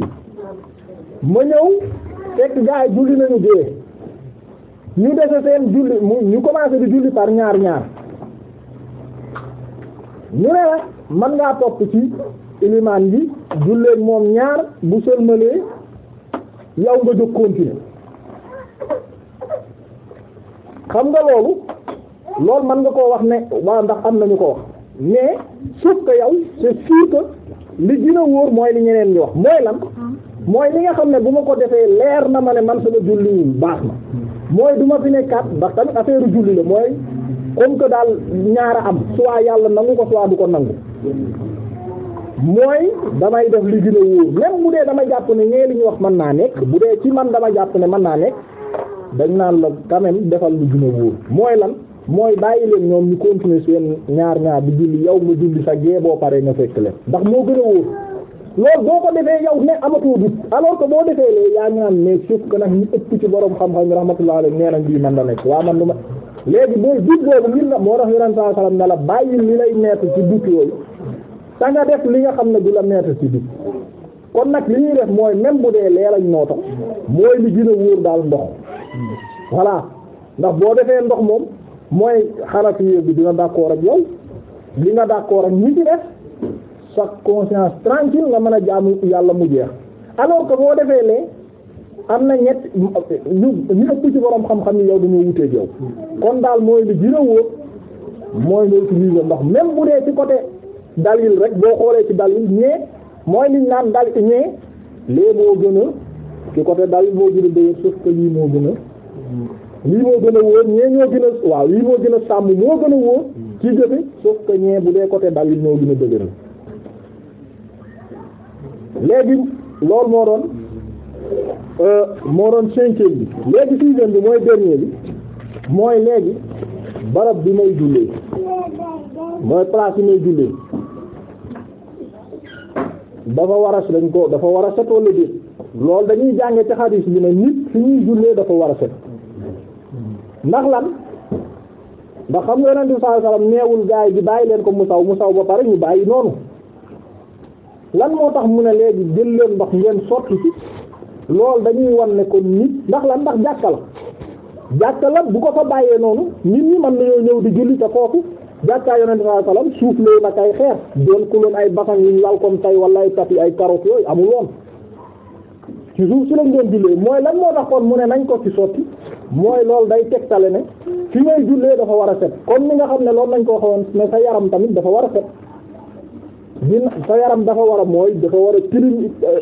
ma ñëw fekk gaa yi julli nañu gée ñu dese seen julli mu ñu commencé di julli par ñaar ñaar ñu ne la man ngaa topp ci ilimaan bi julleeg moom ñaar bu sëlmalee yow nga jóg continuer xam nga loolu loolu mën nga koo wax ne waaw ndax am nañu ko wax mais sauf ko yow c'est sûr que li gën a wóor mooy li ñeneen ñi wax mooy lan mooy li nga xam ne bu ma ko defee leer na ma ne man sama julli yi baax na mooy du ma fi nekkaat ndax tamit affaire julli la mooy comme ko daal ñaara am soit yàlla nangu ko soit du ko nangu mooy damay def li gën a wóor même bu dee dama jàpp ne ñee li ñu wax mën naa nekk bu dee ci man dama jàpp ne man naa nekk dañ naan la quand même defal lu gën a wóor mooy lan mooy bàyyi leen ñoom ñu continuer seen ñaar ñaar di julli yow nga julli sa gee boo paree nga fekk leen ndax moo gën a wóor loolu boo ko defee yow ne amatoo gis alors que boo defee léegi yaa ngi naan mais suuf que nag ñu ëpp ci borom xam-xam rahmatullahi alayhi bii man na nekk waa man lu ma léegi booy dut boobu ngir na moo tax yonent saa sallam ne la bàyyi li lay mettre ci dut yooyu ta nga def li nga xam ne du la mettre ci dut kon nag li ñuy def mooy même bu dee lee lañ noota mooy li gën a wóor daal ndox voilà ndax boo defee ndox moom mooy xanafi bi dina d'accord ak yow li nga d'accord ak ñi sa conscience tranquille nga mën a jaamu yàlla mu jeex alors que boo defee lee am na ñett ñu ñu ëpp ci borom xam-xam yi yow dañoo wuteeg yow kon daal mooy li gën a wóor mooy nga utiliser ndox même bu dee ci côté dalil rek boo xoolee ci dalil ñee mooy liñ naan dal ñee lee boo gën a ci moo gën a dëgër sauf que lii moo gën a lii moo a wóor ñee ñoo gën a waaw lii moo gën a sàmm moo gën a wóor ci jëfe sauf que ñee bu dee côté dalil ñoo gën a dëgëral léegi loolu moo doon euh, moo doon cinquième bi léegi sixième bi mooy dernier bi mooy léegi barab bi may jullee mooy place yi may jullee dafa war a dañ ko dafa war a set wala dañuy jànge ci xadiis bi ne nit fi ñuy jullee dafa war a set ndax lan ndax xam nga yonent bi sallallahu alayhi wasallam neewul gaay gi bàyyi leen ko mu saw mu saw ba pare ñu bàyyi noonu lan moo tax mu ne léegi jël leen ndox ngeen sotti ci loolu dañuy wan ne kon nit ndax lan ndax jàkka la jàkka la bu ko fa bàyyee noonu nit ñi mën nañoo ñëw di julli te kooku jàkkaa yonente sallallahu alayhi wasallam suuf lay nag ay xeer doon ku leen ay basan yuñ lal comme tay wala ay tapis ay carottes yooyu amul woon ci suuf si lañ doon jullee mooy lan moo tax kon mu ne nañ ko ci sotti mooy loolu day tegtale ne fi ngay jullee dafa war a set kon ni nga xam ne loolu lañ ko waxoon ne sa yaram tamit dafa war a set dina sa yaram dafa war a mooy dafa war a tilim euh,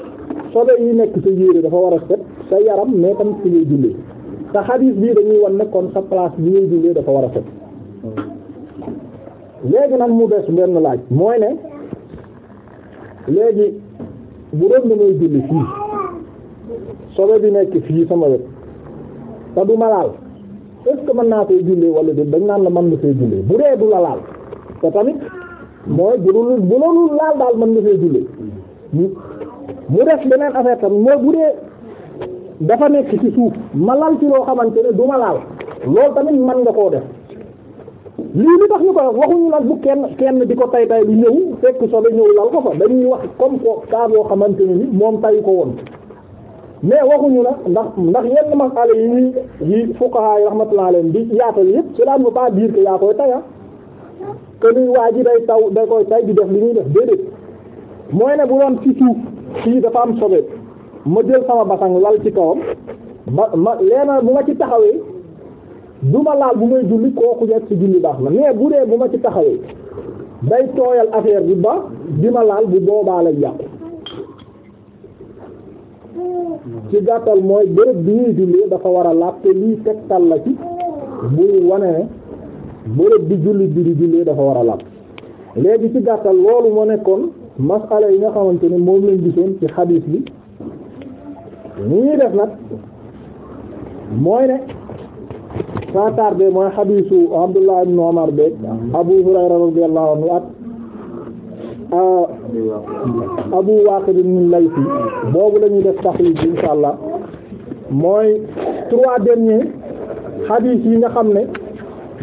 sobe yi nekk sa yére dafa war a set sa yaram mais tamit fi ngay jullee sa xadiis bii dañuy wan ne sa place bi ngay jullee dafa war a set léegi nag mu des benn laaj mooy ne léegi bu doon damay julli bi nekk fii sama wet te du ma laal est naa fay jullee wala déet dañ naan la mën na fay jullee bu dee du la laal te tamit mooy bu dul bu loolu laal daal mën nga fay julli mu def beneen affaire tam mooy bu dee dafa nekk ci suuf ma lal ci loo xamante ne du ma laal loolu tamit mën nga koo def lii li tax ñu ko waxuñu nag bu kenn kenn di ko tay tay di ñëw fekk sobe ñëw lal ko fa dañuy wax comme ko cas boo xamante ne ni moom tay ko woon mais waxuñu nag ndax ndax yenn masala yi yi fuqaha yi rahmatullah leen di yaatal yëpp cela ne veut pas dire que yaa koy taya te luy waa ji day taw da koy tay di def li ñuy def déedéet mooy ne bu doon ci suuf fii dafa am sobe ma jël sama basang lal ci kawam ba ma leena bu ma ci taxawee duma laal bu may julli kooku jot ci julli baax na mais bu dee bu ma ci taxawee day tooyal affaire bi ba di ma laal bu boobaa lay yàqu ci gàttal mooy bërëb bi ñuy jullee dafa war a laaj te lii tegtal la ci buy wane bërëb bi jullit bi di jullee dafa war a làpp léegi ci gàttal loolu moo nekkoon masala yi nga xamante ne moom lañ gisoon ci xadiis bi ni ñuy def nag mooy ne sans tarder mooy xadiisu Abdullah ibn Umar beeg Abu Hurayra radiyallahu anhu at euh, Abu Waaqid al-Laythi boobu la ñuy def taxriij insha allah mooy trois derniers xadiis yi nga xam ne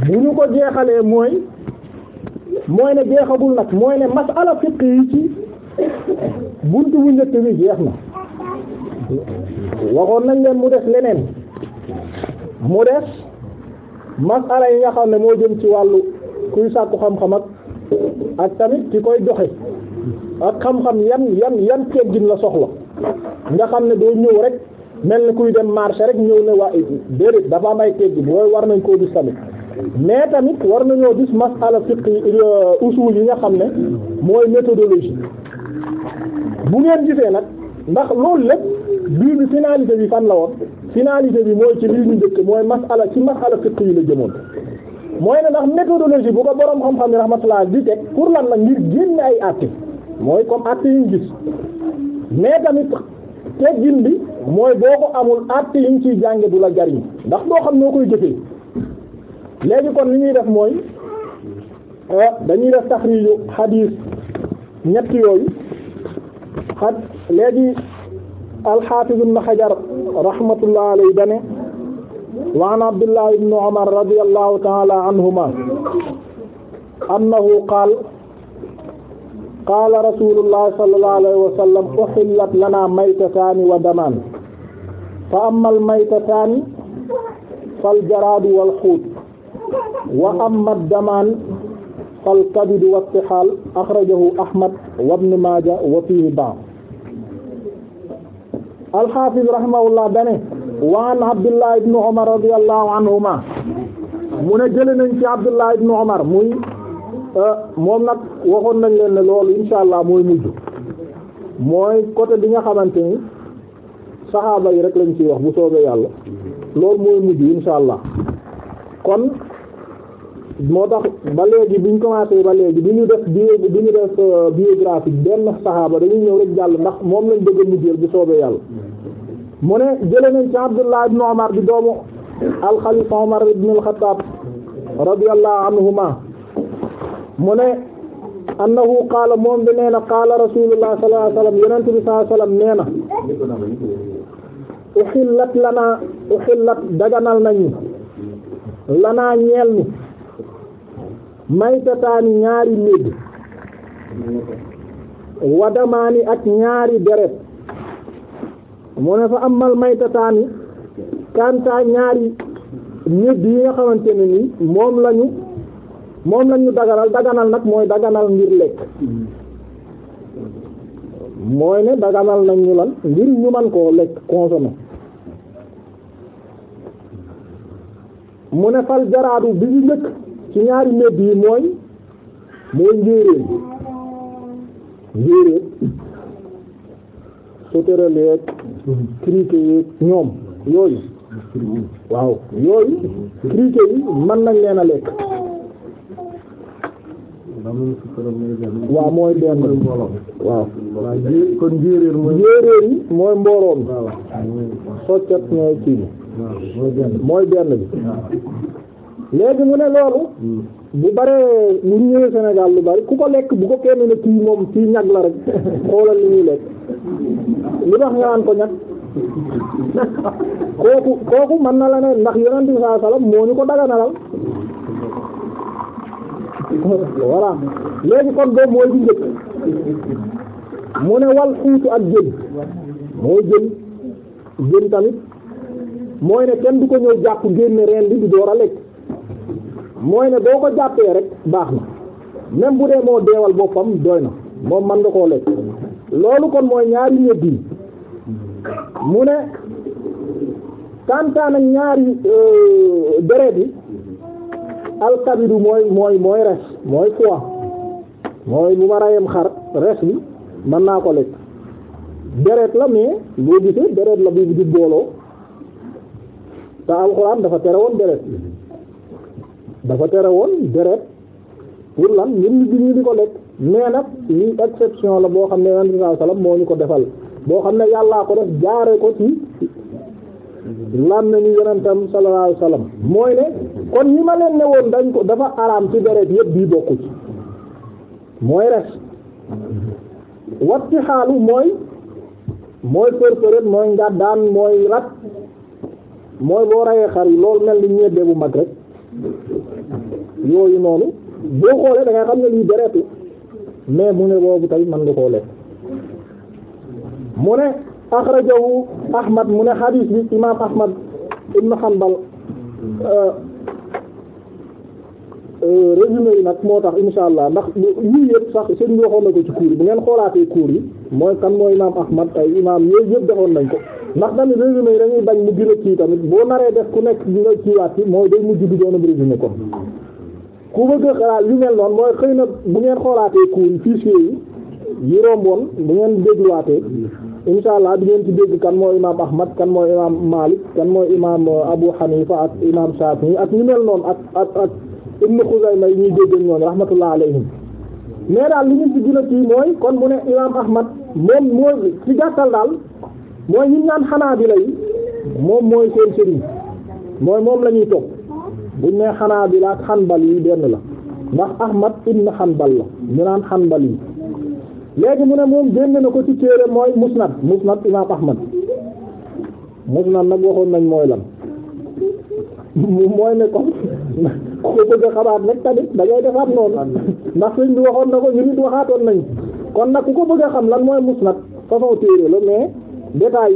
bu ñu ko jeexalee mooy mooy ne jeexagul nag mooy ne masala fiqh yi ci buntu bu njëkk bi jeex na waxoon nañ leen mu des leneen mu des masala yi nga xam ne moo jëm ci wàllu kuy sàkku xam-xam ak ak tamit ki koy joxe ak xam-xam yan yan yan teggin la soxla nga xam ne doo ñëw rek mel ni kuy dem marché rek ñëw ne waa déedéet dafa am ay teggin yooyu war nañ koo gis tamit mais tamit war nañoo gis masala fiqh euh, usul yi nga xam ne mooy méthodologie bu ngeen gisee nag ndax loolu lépp bii bi finalité bi fan la woon finalité bi mooy ci lii ñu njëkk mooy masala ci masala fiqh yi la jëmoon mooy ne ndax méthodologie bu ko borom xam-xam yi rahmatullah di teg pour lan la ngir génn ay àtte mooy comme àtte yi ñu gis mais tamit teggin bi mooy boo ko amul àtte yi ñu ciy jànge du la jariñ ndax doo xam noo koy jëfee léegi kon li ñuy def mooy ah, dañuy def taxriiju xadiis ñett yooyu xad léegi alxaafiz xajar rahmatullah alayhi dane wa an abdullah ibn umar radiyallahu taala anhuma annahu qaal qaala rasulullah sallallahu alayhi wa lana maytataani wa damaan fa amma almaytataani fal jaraadu wal xuut wa amma damaan fal kabid wa tixaal axrajahu ahmad wa ibn maaja wa fiihi ba'd alxaafiz rahimahullah dane wa an abdullah ibn umar radiyallahu anhuma mu ne jële nañ ci abdullah ibn umar muy euh, moom nag waxoon nañ leen ne loolu insha allah mooy mujj mooy côté bi nga xamante ni saxaaba yi rek lañ ciy wax bu soobee yàlla loolu mooy mujj insha kon moo tax ba léegi bi ñu commencé ba léegi du ñu def bi du ñu def euh, biographique benn saxaaba dañuy ñëw rek jàll ndax moom lañ bëgg a mujjeel bu soobee yàlla mu ne jële nañ ci Abdullah ibn Umar di doomu al-Khalifa Umar ibn al-Khattab radiyallahu anhuma mu ne qaala moom bi nee na qaala rasulullah sallallahu alayhi wasallam yonent bi sallallahu alayhi wasallam nee na uhillat lanaa nañu lanaa ñeel ni maytataani ñaari médd wadamaani ak ñaari deret mu ne fa amal maytataani kanta ñaari médd yi nga xamante ni moom lañu moom lañu daganal daganal nag mooy daganal ngir lekk mooy ne daganal nañ ñu ngir ñu man koo lekk consommer mu ne fal jaraadu bi ñu njëkk ci ñaari médd yi mooy mooy njéeréen njéeréen sauterelle yeeg criquet yeeg ñoom yooyu waaw yooyu criquet yi mën nañ leen a lekk waaw mooy benn waaw kon njéeréer yi mooy mbooroon soccet ñooy kii mooy benn bi léegi mu ne loolu bu baree mu ñëwee Sénégal lu bari ku ko lekk bu ko kenn ne kii moom kii ñag la rek xoolal li ñuy lekk lu tax nga ko ñag kooku kooku mën na ne ndax yonent bi sallallahu alayhi ko daganalal voilà léegi kon boobu mooy bu njëkk mu ne wal xuutu ak jën mooy jën jën tamit mooy ne kenn du ko ñëw jàpp génn reen bi door a lekk mooy ne doo ko jàppee rek baax na même bu dee moo deewal boppam doy na moom mën nga koo lekk loolu kon mooy ñaari ñëdd yi mu ne kantaan ak ñaari euh, deret yi alkabiru mooy mooy mooy res mooy foie mooy bu ma rayam xar res bi mën naa ko lekk deret la mais boo gisee deret la bu di booloo te alxuraan dafa tere woon deret bi dafa tere woon deret pour lan ñun bi ñu di ko lekk mais nag exception la boo xam ne yonent bi sallallahu moo ñu ko defal boo xam ne yàllaa ko def ko ci nañu yonentam sallallahu alayhi wasallam mooy ne kon ñi ma leen ne woon dañ ko dafa araam ci deret yëpp bii bokku ci mooy res wat ci xaalu mooy mooy përpëret mooy nga daan mooy rat mooy boo rayee xar loolu mel ni ñebbe bu mag rek yooyu noonu boo xoolee da xam ne lii deretu mais mu ne boobu tamit man nga koo lekk mu ne axrajahu ahmad mu ne xadiis bi imaam ahmad ibn hanbal euh, euh, résumé yi nag moo tax insha allah ndax lii yëpp sax seen waxoon na ko ci cours yi bu ngeen xoolaatee cours yi mooy kan moo imaam ahmad ay imaam yooyu yëpp defoon nañ ko ndax tamit résumé yi dañuy bañ mu gën a kii tamit boo naree def ku nekk nga kiiwaat ci mooy day mujj bi doon résumé ko ku bëgg a xalaat yu mel noonu mooy xëy na bu ngeen xoolaatee cours fichier yi yi romboon bu ngeen dégluwaatee insha allah di ngeen ci dégg kan mooy imaam Ahmad kan moo imaam Malik kan moo imaam Abu Hanifa ak imaam Shafi'i ak ñu mel noonu ak ak ak Ibn Khuzayma yi ñuy dégg ñoom rahmatullah alayhim mais daal li ñu ci gën a kii mooy kon mu ne imaam Ahmad moom moo ci gàttal daal. mooy ñi ñaan xanaabila yi moom mooy seen sëriñ mooy moom la ñuy topp buñ ne xanaabila ak xanbal yi benn la ndax ahmad ibn xanbal la ñu naan xanbal yi léegi mu ne moom génn na ko ci téere mooy musnad musnad imaam ahmad musnad nag waxoon nañ mooy lan mooy ne ko ko bëgg a xabaat nag tamit da ngay defaat noonu ndax sëñ bi waxoon na ko ñu nit waxaatoon nañ kon nag ku ko bëgg a xam lan mooy musnad façon la détails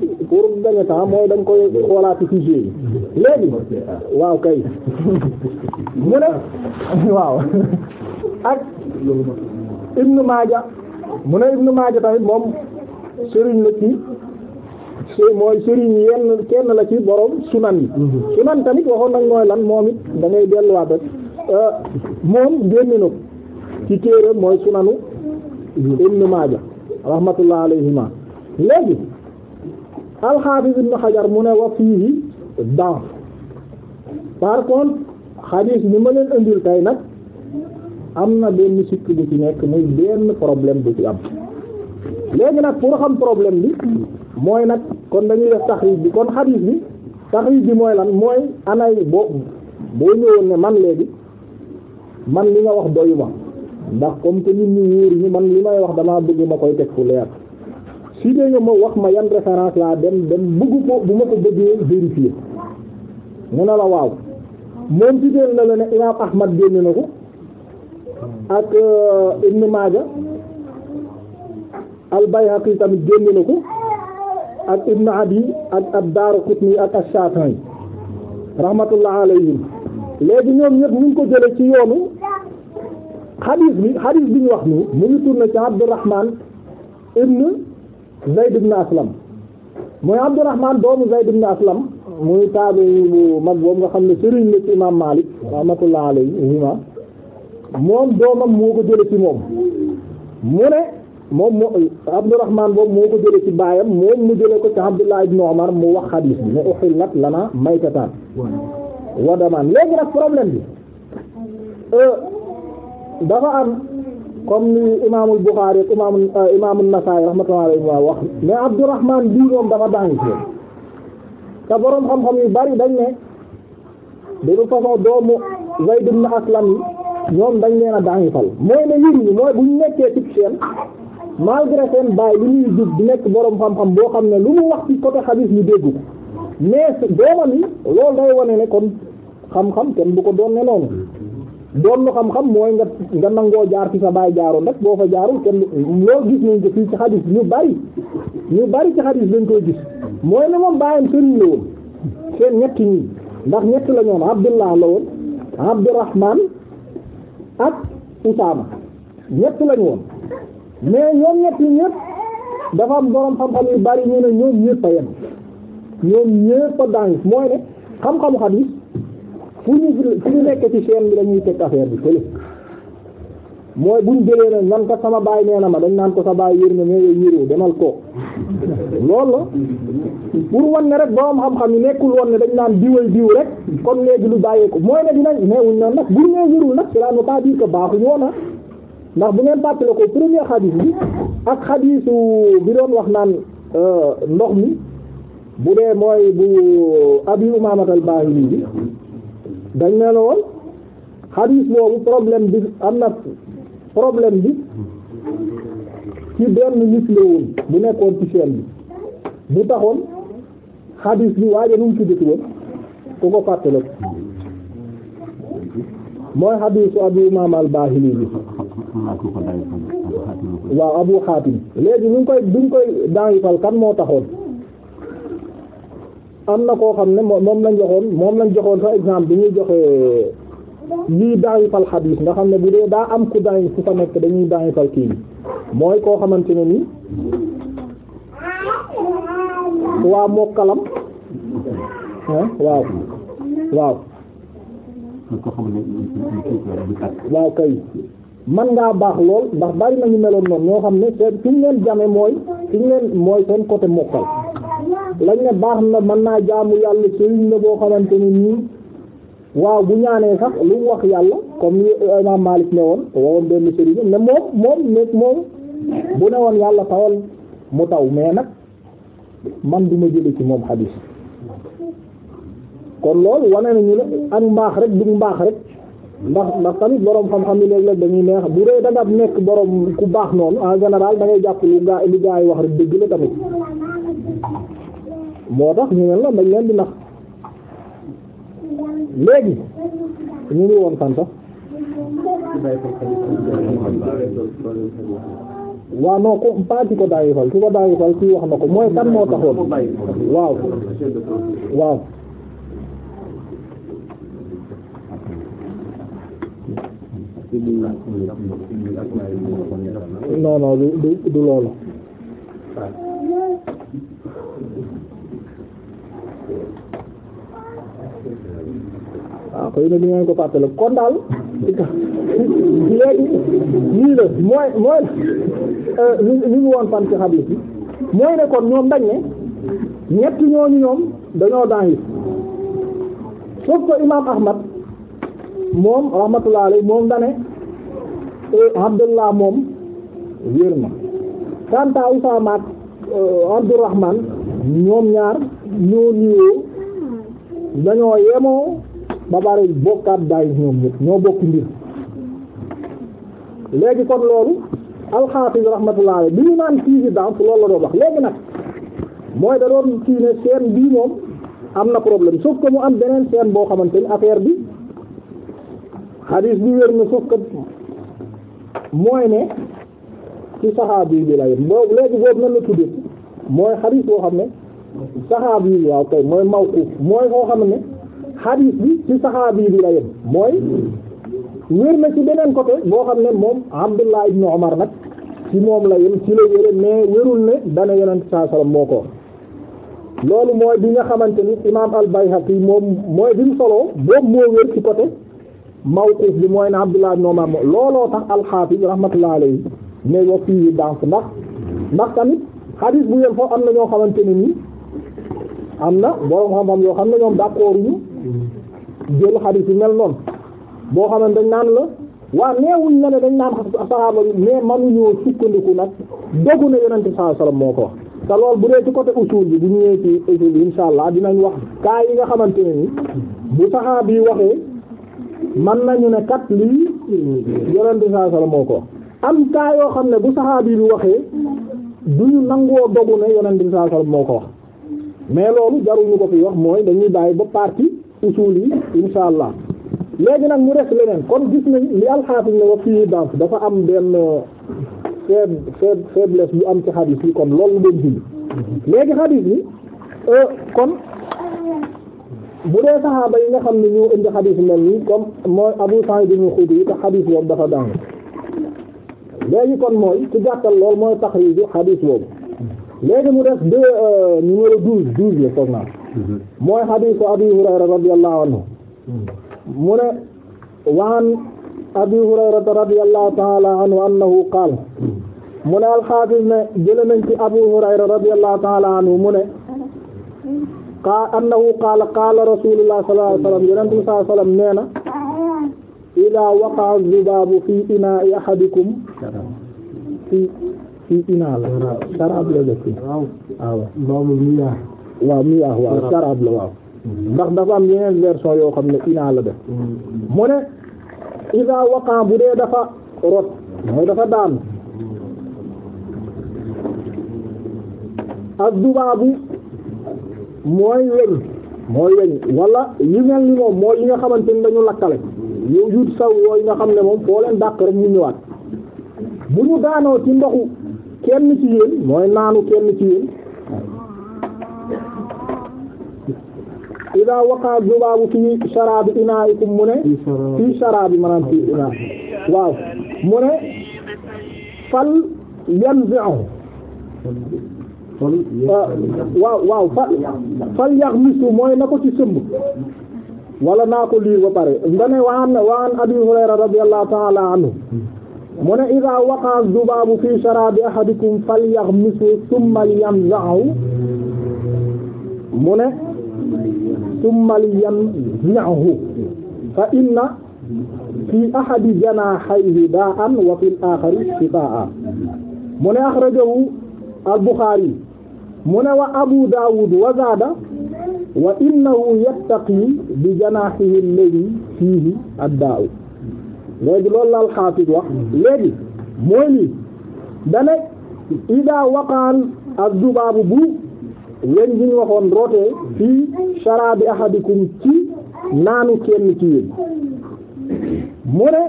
yi pour gagner temps mooy da nga koy xoolaati ci jeu yi léegi waaw kay mu ne waaw ak Ibn Maaja mu ne Ibn Maaja tamit moom sëriñ la ci mooy sëriñ yenn kenn la ci borom sunan yi sunan tamit waxoon nag mooy lan moom it da delluwaat rek euh, moom génn na ci téere mooy sunanu Ibn Maaja rahmatullah alayhima léegi bi ibn xajar mu ne wa fii dans par contre xadiis bi ma leen indil tey nag am na benn sikk bu ci nekk muy benn problème bu ci am léegi nag pour xam problème bi mooy nag kon dañuy def taxriij bi kon xadiis bi taxriij bi mooy lan mooy anay boo boo ñëwoon ne man léegi man li nga wax doyuma ndax comme que nit ñi wóor ñu man li may wax damaa bëgg ma koy teg fu leer si ne nga ma wax ma yan référence laa dem dem bëgg ko bu ma ko bëggee vérifier mu ne la waaw moom ci deel na la ne imaam Ahmad génn euh, na ko ak Ibn Maaja al-Bayhaqi tamit génn na ko ak Ibn Abi ak ad-Daraqutni ak ash-Shafi'i rahmatullah alayhim léegi ñoom ñëpp ñu ko jële ci yoonu xadiis bi xadiis bi ñu wax nii mu ngi tourné ci Abdurrahman ibn Zayd ibn Aslam mooy Abdurrahman doomu Zayd ibn Aslam muy taabi bu mag boobu nga xam ne sëriñ la ci imam Malik rahmatullah alayhi moom doomam moo ko jële ci moom mu ne moom moo Abdurrahman boobu moo ko jële ci baayam moom mu jële ko ci Abdullah ibn Umar mu wax xadiis bi ne uhillat lana maytatan wa daman léegi nag problème bi euh, dafa am comme ni imaamul Buxaari ak imaam euh, imaamul Nasaa'i rahmatullahi alayhi wax mais Abdourahman bii moom dafa dànk te boroom xam-xam yu bari dañ ne de toute façon doomu Zayd ibn Aslam ñoom dañ leen a dànkal mooy ne yër ñi mooy bu ñu nekkee ci seen malgré seen baay lu ñuy jug di nekk boroom xam-xam boo xam ne lu mu wax ci côté xadiis ñu dégg ko mais doomam yi loolu day wane ne kon xam-xam kenn bu ko doon ne noonu doon lu xam-xam mooy nga nga nangoo jaar ci sa baay jaaroon rek boo fa jaarul kenn loo gis nañ ko fii ci xadis ñu bari ñu bari ci xadis dañ koy gis mooy ne moom baayam sëriñ la woon seen ñetti ñi ndax ñetti la ñoon Abdullah la woon Abdurrahman ak Usaama ñett lañ woon mais ñoom ñetti ñëpp dafa am borom xam-xam yu bari ñu ne ñoom ñëpp a yem ñoom ñëpp a dang mooy ne xam-xamu xadis fu ñu fu ñu nekk ci chaîne bi dañuy teg affaire bi fële mooy buñ jëlee ne nan ko sama baay nee na ma dañ naan ko sa baay yër na mais yëru demal ko loolu la wan ne rek borom xam-xam yi nekkul woon ne dañ naan diway diw rek kon léegi lu bàyyee ko mooy ne dinañ neewuñ naan nag buñ nee nag cela ne veut pas dire que na ah. ndax bu ngeen fàttale ko premier xadiis bi ak xadiisu bi doon wax naan euh, ndox mi bu dee mooy bu Abi Umaamatal bi dañ ne la woon xadiis boobu problème bi am na problème bi ci benn nit la bu nekkoon ci chaîne bi bu taxoon xadiis bi waaye nu mu tuddati woon ku ko fàttale mooy xadiisu Abu Umaama yi baahili bi waaw Abu Xaatim léegi ñu ngi koy duñ koy daayifal kan moo taxoon am na koo xam ne moom lañ joxoon moom lañ joxoon par exemple bi ñuy joxee ñii daayifal xadiis nga xam ne bu dee daa am ku daayif fu fa nekk dañuy daayifal kii bi mooy koo xamante ne nii waa mokkalam waaw waaw waaw kay man ngaa baax lool ndax bari nañu meloon noonu moo xam ne seen fi ñu jame mooy fi ñu mooy seen côté mokkal lañ ne baax na mën naa jaamu yàlla sëriñ la boo xamante ne nii waaw bu ñaanee sax lu mu wax yàlla comme ni Imaam Maalik woon wowoon benn moom moom moom bu ne woon yàlla tawal mu taw mais nag man du ma jële ci moom xadiis kon lool wane nañu la ak mbaax rek du mbaax rek ndax ndax tamit borom xam-xam yi léeg-léeg dañuy neex bu dee da nga nekk borom ku baax noonu en général da ngay jàpp lu gaa lu gaa yi wax rek dëgg la tamit moo tax ñu ne la dañ leen di nax léegi ñu ngi woon fan sax waaw non ko pas ci ko daayi fal ko daayi fal wax na ko mooy kan moo taxoon waaw waaw non non du du loolu ah xëy na ñu ngeen ko kon daal léegi lii la mooy mooy li ñu woon fan ci xadiis bi mooy ne kon dañ ne ñetti ñooñu ñoom dañoo daaxir sauf que imaam Ahmad moom rahmatullah alayhi moom dane eh, Abdullah moom wér na kanta Usaama ak eh, Abdurrahman ñaar ñoo nuyoo dañoo yemoo ba pare bokkaat baay ñoom ñëpp ñoo bokk mbir léegi kon loolu alxaafis rahmatullah bi ñu naan présidence loolu la doon wax léegi nag mooy da doon kii ne seen bii moom am na problème sauf que mu am beneen seen boo xamante ni affaire bi xadiis bi wér na sauf que mooy ne ci saxaabi bi la yem léegi boobu nan la tudde mooy xadiis boo xam ne saxaabi yi waaw kay mooy mawquf mooy koo xam ne xadiis bi ci saxaabi bi la yem mooy wér na ci beneen côté boo xam ne moom Abdullah ibn Umar nag ci moom la yem ci la wére mais wérul ne dana yonent saa sallam moo ko loolu mooy bi nga xamante ni imaam al-Bayhaqi moom mooy bi mu soloo boobu moo wér ci côté mawquf bi mooy ne Abdullah ibn Umar looloo tax al-Hafiz rahmatullah alayhi ne wa fii yi danse ndax ndax tamit xadiis bu yem foofu am na ñoo xamante ni nii am na borom xam-xam yoo xam ne ñoom d'accord ñu jël xadiis yu mel noonu boo xam ne dañ naan la waa neewuñ la ne dañ naan saxaaba bi mais mënuñoo sukkandiku nag dogu ne yonent bi sallallahu alayhi wasallam moo ko wax te lool bu dee ci côté usul bi bu ñu ñëwee ci usul bi insha dinañ wax kaa yi xamante ne ni bu saxaaba bi waxee mën nañu ne kat lii yonent bi sallallahu moo ko am kaa yoo xam ne bu saxaaba bi waxee duñu nangoo dogu ne yonent bi sallallahu alayhi wasallam moo ko wax mais loolu jarul ñu ko fi wax mooy dañuy bàyyi ba partie usul yi insha allah léegi nag mu rek leneen kon gis nañ li alxaafis ne wax fii dans dafa am benn euh, faible faiblesse bu am ci xadis yi kon loolu mu doon julli léegi xadis yi euh, kon bu dee saxaaba yi nga xam ne ñoo indi xadis mel nii comme mooy Abu Sa'id al-Khudri yi te xadis boobu dafa daan léegi kon mooy ci gàttal lool mooy taxriiju xadis boobu léegi mu def deux euh, numéro douze douze la foog naa mhm. mooy hadiisu Abi Hurayra radiyallahu anhu mu ne waan Abi Hurayrata radiyallahu ta'ala anhu annahu qaala mu ne al-Haafiz ne jële nañ ci Abu Hurayra radiyallahu ta'ala anhu mu ne qaa annahu qaala qaala Rasuulullah sallallahu alayhi wa sallam Yonent bi sallallahu alayhi wa sallam nee na idaa waqa'a az-zubaabu fii inaa'i ahadikum fii ina la saraab la dëkk waaw waaw miyaah waaw miyaah waaw saraab la waaw mm-hmm. ndax dafa am yeneen version yoo xam ne ina la def mm-hmm. mu ne ida waqan bu dee dafa rot mooy dafa daanu ak dubaabu mooy weñ mooy weñ wala yu mel ni moom mooy yi nga xamante ni dañu lakkale yow yut saw yooyu nga xam ne moom foo leen dàq rek ñu ñëwaat bu ñu daanoo ci ndoxu kenn ci yéen mooy naanu kenn ci yéen ida waqa zubaabu fi sharabi inaa'ikum mu ne fi sharabi maanaam fi inaa waaw mu ne fal yanzi'u waaw waaw fal fal yaghmisu mooy na ko ci sëmb wala naa ko liir ba pare nga ne waan waan Abi Hurayra radiyallahu ta'ala anhu mu ne ida waqa zubaabu fi sharabi ahadikum falyaghmisu thumma liyamzahu mu ne thumma liyamzahu fa inna fi ahadi janaahayhi daa'an wa fil aaxari shitaa'an mu ne axrajahu al-Buxaari mu ne wa Abu Daawud wa zaada wa innahu yattaqi bi janaahihi alladhi fiihi ad-daa'u léegi loolu laal xaafis wax léegi mooy lii dane ida waqaan ak dubaabu bu weñ bi waxoon rootee fii sharabi ahadikum ci naanu kenn ci yéen mu ne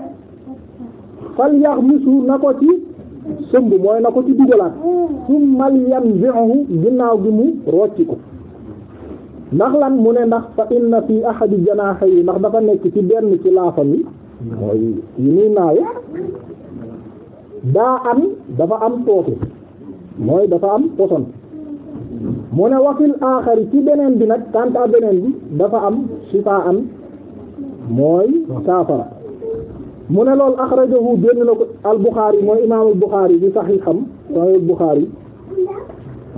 fal yaxmisu na ko ci sëmb mooy na ko ci dugalaat summal yanzihu ginnaaw gi mu rocci ko ndax lan mu ne ndax fa inna fii ahadi janaaha yi ndax dafa nekk ci benn ci laafam yi yu ñuy naawe daa am dafa am tooke mooy dafa am poson mu ne wafil aaxari ci beneen bi nag kanta beneen bi dafa am sifaa an mooy saafara mu ne loolu axrajahu génn na ko al Bukhari mooy imaamul Bukhari bi saxiixam sahih Bukhari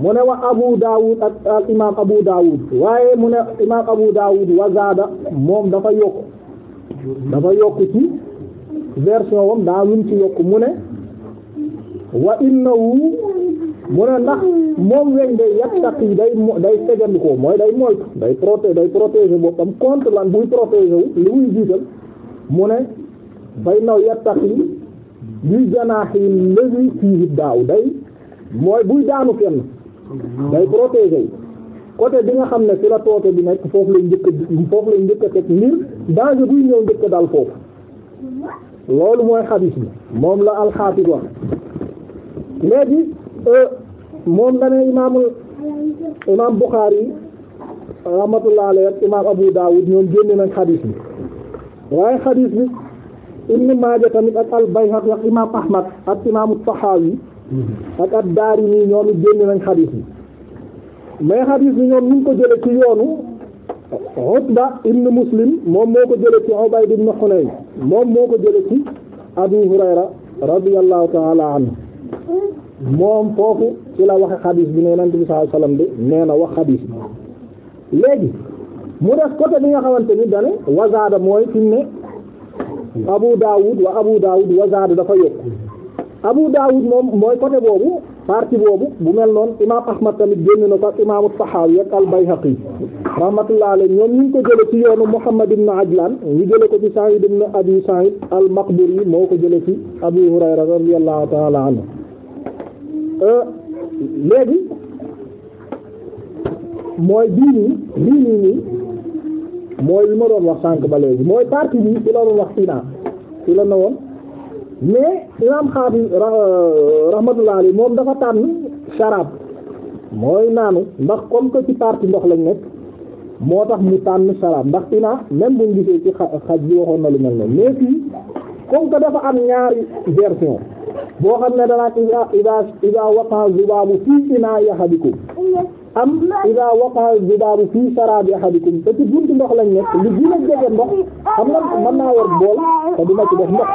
mu ne wa Abu Dawud ak imaam Abu Dawud waaye mu ne imaam Abu Dawud wa zaada moom dafa yokk dafa yokk ci version wam daa lum ci yokk mu ne wa innahu mu ne ndax moom weñ day yattaqi day day tegandikoo mooy day moytu day proté day protéger boppam contre lan buy protéger wu li muy jiital mu ne bay naw yattaqi li janaahi lësi fii daaw day mooy buy daanu kenn day protéger wu côté bi nga xam ne ci la tooke bi nekk foofu lay njëkk foofu lay njëkk a teg ngir danger buy ñëw njëkk dal foofu loolu mooy xadis bi moom la alxaafis wax léegi euh, moom la ne imaam imaam Bukhari rahmatullah alayhi imaam Abu Dawud ñoom génne nañ xadis bi waaye xadis bi Ibn Maaja tamit ak al-Bayhaqi ak imaam Ahmad ak imaam Tahawi ak ad-Daarimi ñoom it génne nañ xadis bi mais xadis bi ñoom ñu ko jële ci yoonu Utba ibn Muslim moom moo ko jële ci Ubayd ko jële ci Abu Hurayra radiyallahu ta'ala anhu moom foofu ci la waxe xadis bi ne Yonent bi sallallahu wasallam de nee na wax xadis léegi mu def côté bi nga xamante ni dane wazaada mooy fi mu ne Abu Dawud wa Abu Dawud wazaada dafa yokk Abu Dawud moom mooy côté boobu partie boobu bu mel noonu imaam Ahmad tamit génn na ko ak imaamu Tahawi ak al-Bayhaqi rahmatullah alayhi ñoom ñu ngi ko jële ci yoonu Muhammad ibn Ajlan ñu jële ko ci Sa'id ibn Abi Sa'id al-Maqburi moo ko jële ci Abu Hurayra radiyallahu ta'ala anhu euh, léegi mooy bii nii nii mooy li ma doon wax sànq ba mooy partie bi ci la doon wax sina ci la na mais imam xaabi euh, rahmatullah alayhi moom dafa tànn sharab mooy naanu ndax comme que ci partie ndox lañ nekk moo tax mu tànn sharab ndax ina même buñ gisee ci xaj bi waxoon na lu mel na mais fii comme que dafa am ñaari version boo xam ne danaa ida ida ida waqa zubaabu fii inaa yahadikum am ida waqa zubaabu fii saraab yahadikum te ci buntu ndox lañ nekk lu gën jege ndox xam nga mën naa yor bool te duma ci def ndox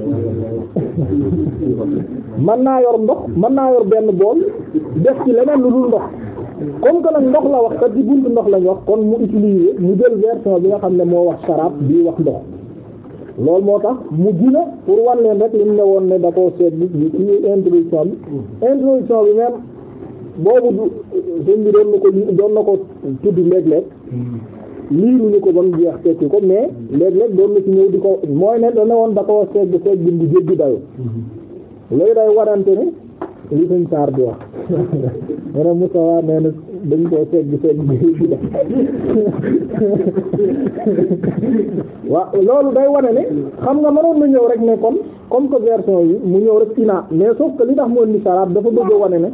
mën naa mën naa yor benn bool def ci leneen lu dul ndox comme que nag ndox la wax kat ndox lañ wax kon mu utiliser mu jël version bi nga xam ne moo wax sharab bii wax ndox loolu moo tax mu gina pour wan leen rek lim ne woon ne da koo seet bi bi ci introduction bi introduction bi même boobu du sëñ doon na ko li doon na ko tudd léeg-léeg liiruñu ko ba mu jeex tekki ko mais léeg-léeg doon na ci ñëw di ko mooy ne dana da koo seet bi seet bi bu jéggi dayo mm-hmm. loolu day warante ne li sëñ Sarr di wax mane Moussa waa nee na dañ koy segg segg gida waaw loolu day wane ne xam nga mënoon na ñëw rek nekkoon comme que version yi mu ñëw rek ina mais sauf que li tax mu indi saraab dafa bëgg a wane ne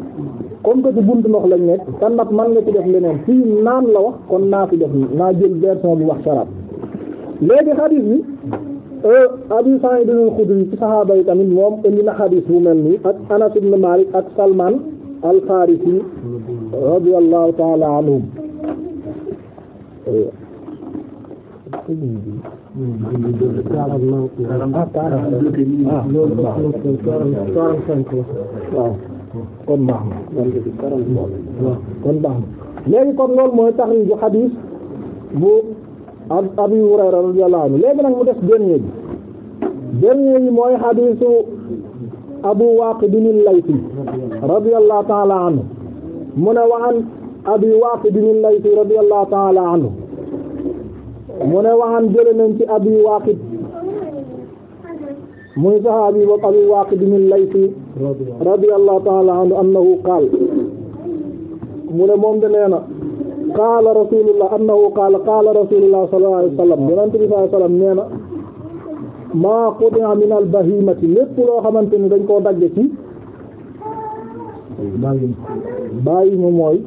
comme que ci buntu ndox lañ nekk kan nag man nga ci def leneen fii naan la wax kon naa fi def naa jël version bi wax saraab léegi xadiis bi Abu Sa'id al-Khudri ci saxaaba yi tamit moom indi na xadiis bu mel nii ak Anas ibn Malik ak Salman alfarisi radiyallahu taala anhum waaw kon baax na kon baax na léegi kon loolu mooy taxriij bu xadiis bu Abi Hurayra radiyallahu anhu léegi nag mu des dernier bi dernier bi mooy xadiisu Abu Waaqid al radiyallahu ta'ala anhu mu ne wa an abi Waaqid al-Laythi radiyallahu ta'ala anhu mu ne wa an jële nañ ci abi Waaqid muy sahaabi ba abi Waaqid al-Laythi radiyallahu ta'ala anhu annahu qaala mu ne moom de nee na qaala rasulullah annahu qaala qaala rasulullah sallallahu alayhi wa sallam yonent bi sallallahu alayhi wa sallam nee na maa quti'a min al-bahiimati lépp loo xamante ni dañ koo dagge ci bàyyi ma mooy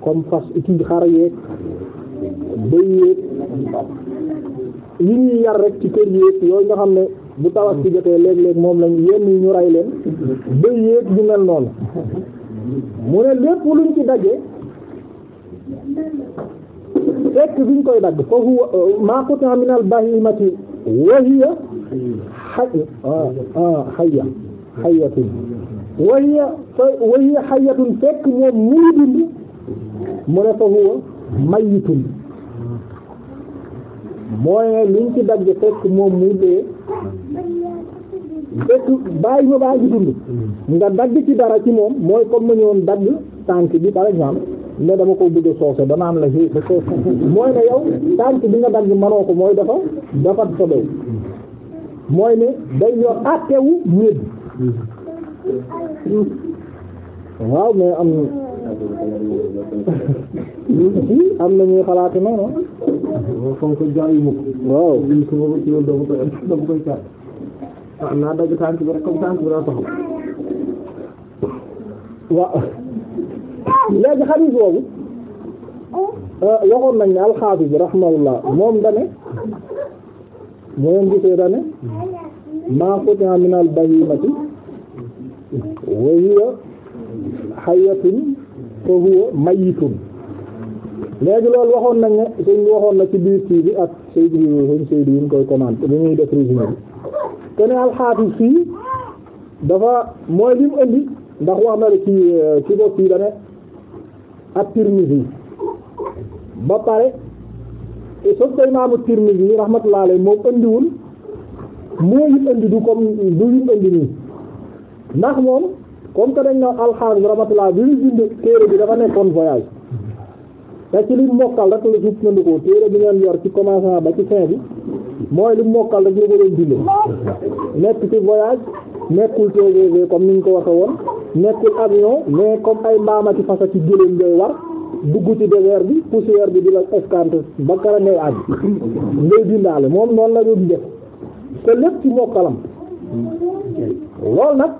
comme fas ci xar yeeg bëy yeeg yi ñuy yar rek ci kër yeeg yooyu nga xam ne bu tawas ci jotee léeg-léeg moom lañ yenn yi ñu ray leen bëy yeeg ñu mel noonu mu ne lépp luñ ci daje fekk biñ koy dagg fa huwa ma qut'a min al bahimati wa hiya hayya ah, ah, hayya hayya wa hiya wa hiya hayyatun fekk moom muy dund mu ne fa huwa mayyitun mooy ne liñ ci dagg fekk moom mu dee fekk bàyyi ma bàyyi dund nga dagg ci dara ci moom mooy comme ma ñëwoon dagg tànk bi par exemple dama ko bëgg a da ko mooy ne yow tànk bi nga dagg manoo ko mooy dafa dafa sobew mooy ne day yor àttewu ñédd waaw mais am na ñuy xalaat noonu. waaw ko jaay mu naa dagg boobu euh, waxoon nañ ne alxaafis bi rahmahullah moom dane moom gisee dane maa futina min al bahimati wa huwa hayatun fa huwa mayitun léegi loolu waxoon nañ ne suñ waxoon na ci biir kii bi ak Seydou Seydou Seydou yi ñu koy commenté bi ñuy def résumé bi alxaafis fii dafa mooy li mu indi ndax wax na la ci ci bopp yi dane ak Tirmizi ba pare sauf que imaamu Tirmizi rahmatullahi alayhi moom indiwul moo yim indi du comme du yim indi nii ndax moom comme que dañ na alxames bi rahmatullah bi ñu bind téere bi dafa nekkoon voyage te ci li mokkal rek la sukkandikoo téere bi ngeen yor ci commencement ba ci fin bi mooy li mokkal rek la ko doon bind nekk ci voyage nekkul TGV comme ni ñu ko waxee woon nekkul avion mais comme ay mbaamati fasa ci gëléem ngay war dugg ci désert bi poussière bi di la escanté ba kara ngay ngay bindaale moom noonu la doon def te lépp ci mokkalam loolu nag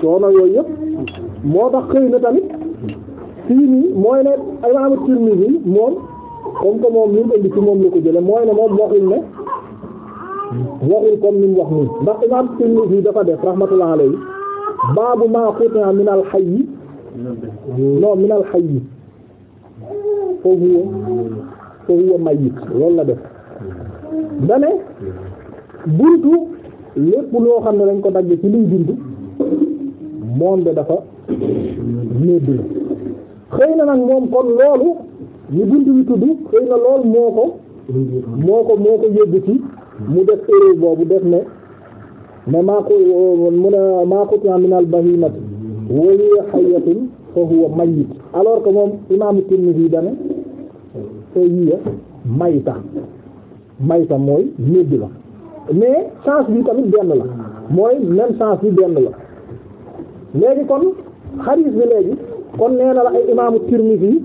coono yooyu yëpp moo tax xëy na tamit fii nii mooy ne imam Tirmidhi moom comme que moom li mu indi ci moom la ko jële mooy ne moom waxul ne waxul comme ni mu wax nii ndax imam Tirmidhi dafa def rahmatullah alayhi baabu maa quti'a min al hayy non min al hayy fa huwa fa huwa mayyit loolu la def dane buntu lépp loo xam ne dañ ko dagg ci luy dund moom de dafa néeg la xëy na nag moom kon loolu ñu bunt bi tudd xëy na lool moo ko moo ko moo ko yëgg ci mu def erreur boobu def ne ne maa ko mu ne maa ko minal bahimati wa hiya hayyatun fa huwa mayyit alors que moom imaamu Tirmidhi dane fa hiya mayta mayta mooy néeg la mais sens bi tamit benn la mooy même sens bi benn la léegi kon xadiis bi léegi kon nee na la ay imaamu Tirmidhi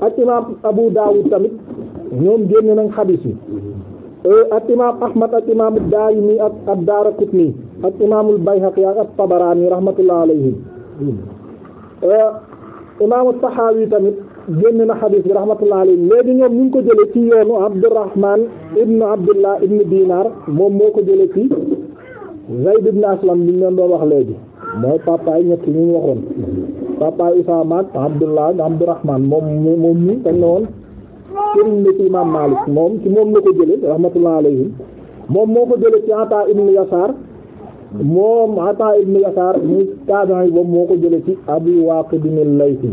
ak imaam Abu Dawud tamit moom génn nañ xadiis bi eh, ak imaam Ahmad ak imaam Daarimi ak ad-Daaraqutni ak imaamul Bayhaqi ak at-Tabarani rahmatullah alayhim eh, imaamu Tahawi tamit génn na xadiis bi rahmatullah alayhim léegi ñoom ñu ngi ko jële ci yoonu Abdurrahman ibnu Abdullah ibnu Dinar moom moo ko jële ci Zayd ibn Aslam bi ñu doon wax léegi mooy papaay ñett ñu ñu waxoon papaay Usaama Abdullah Abdurrahman moom moom ñi dañ ne woon sëriñ la ci imam Malik moom ci moom la ko jële rahmatullah alayhim moom moo ko jële ci Ata ibn Yasar moom Ata ibn Yasar mu tabi'i yi boobu moo ko jële ci Abi Waqid al-Laythi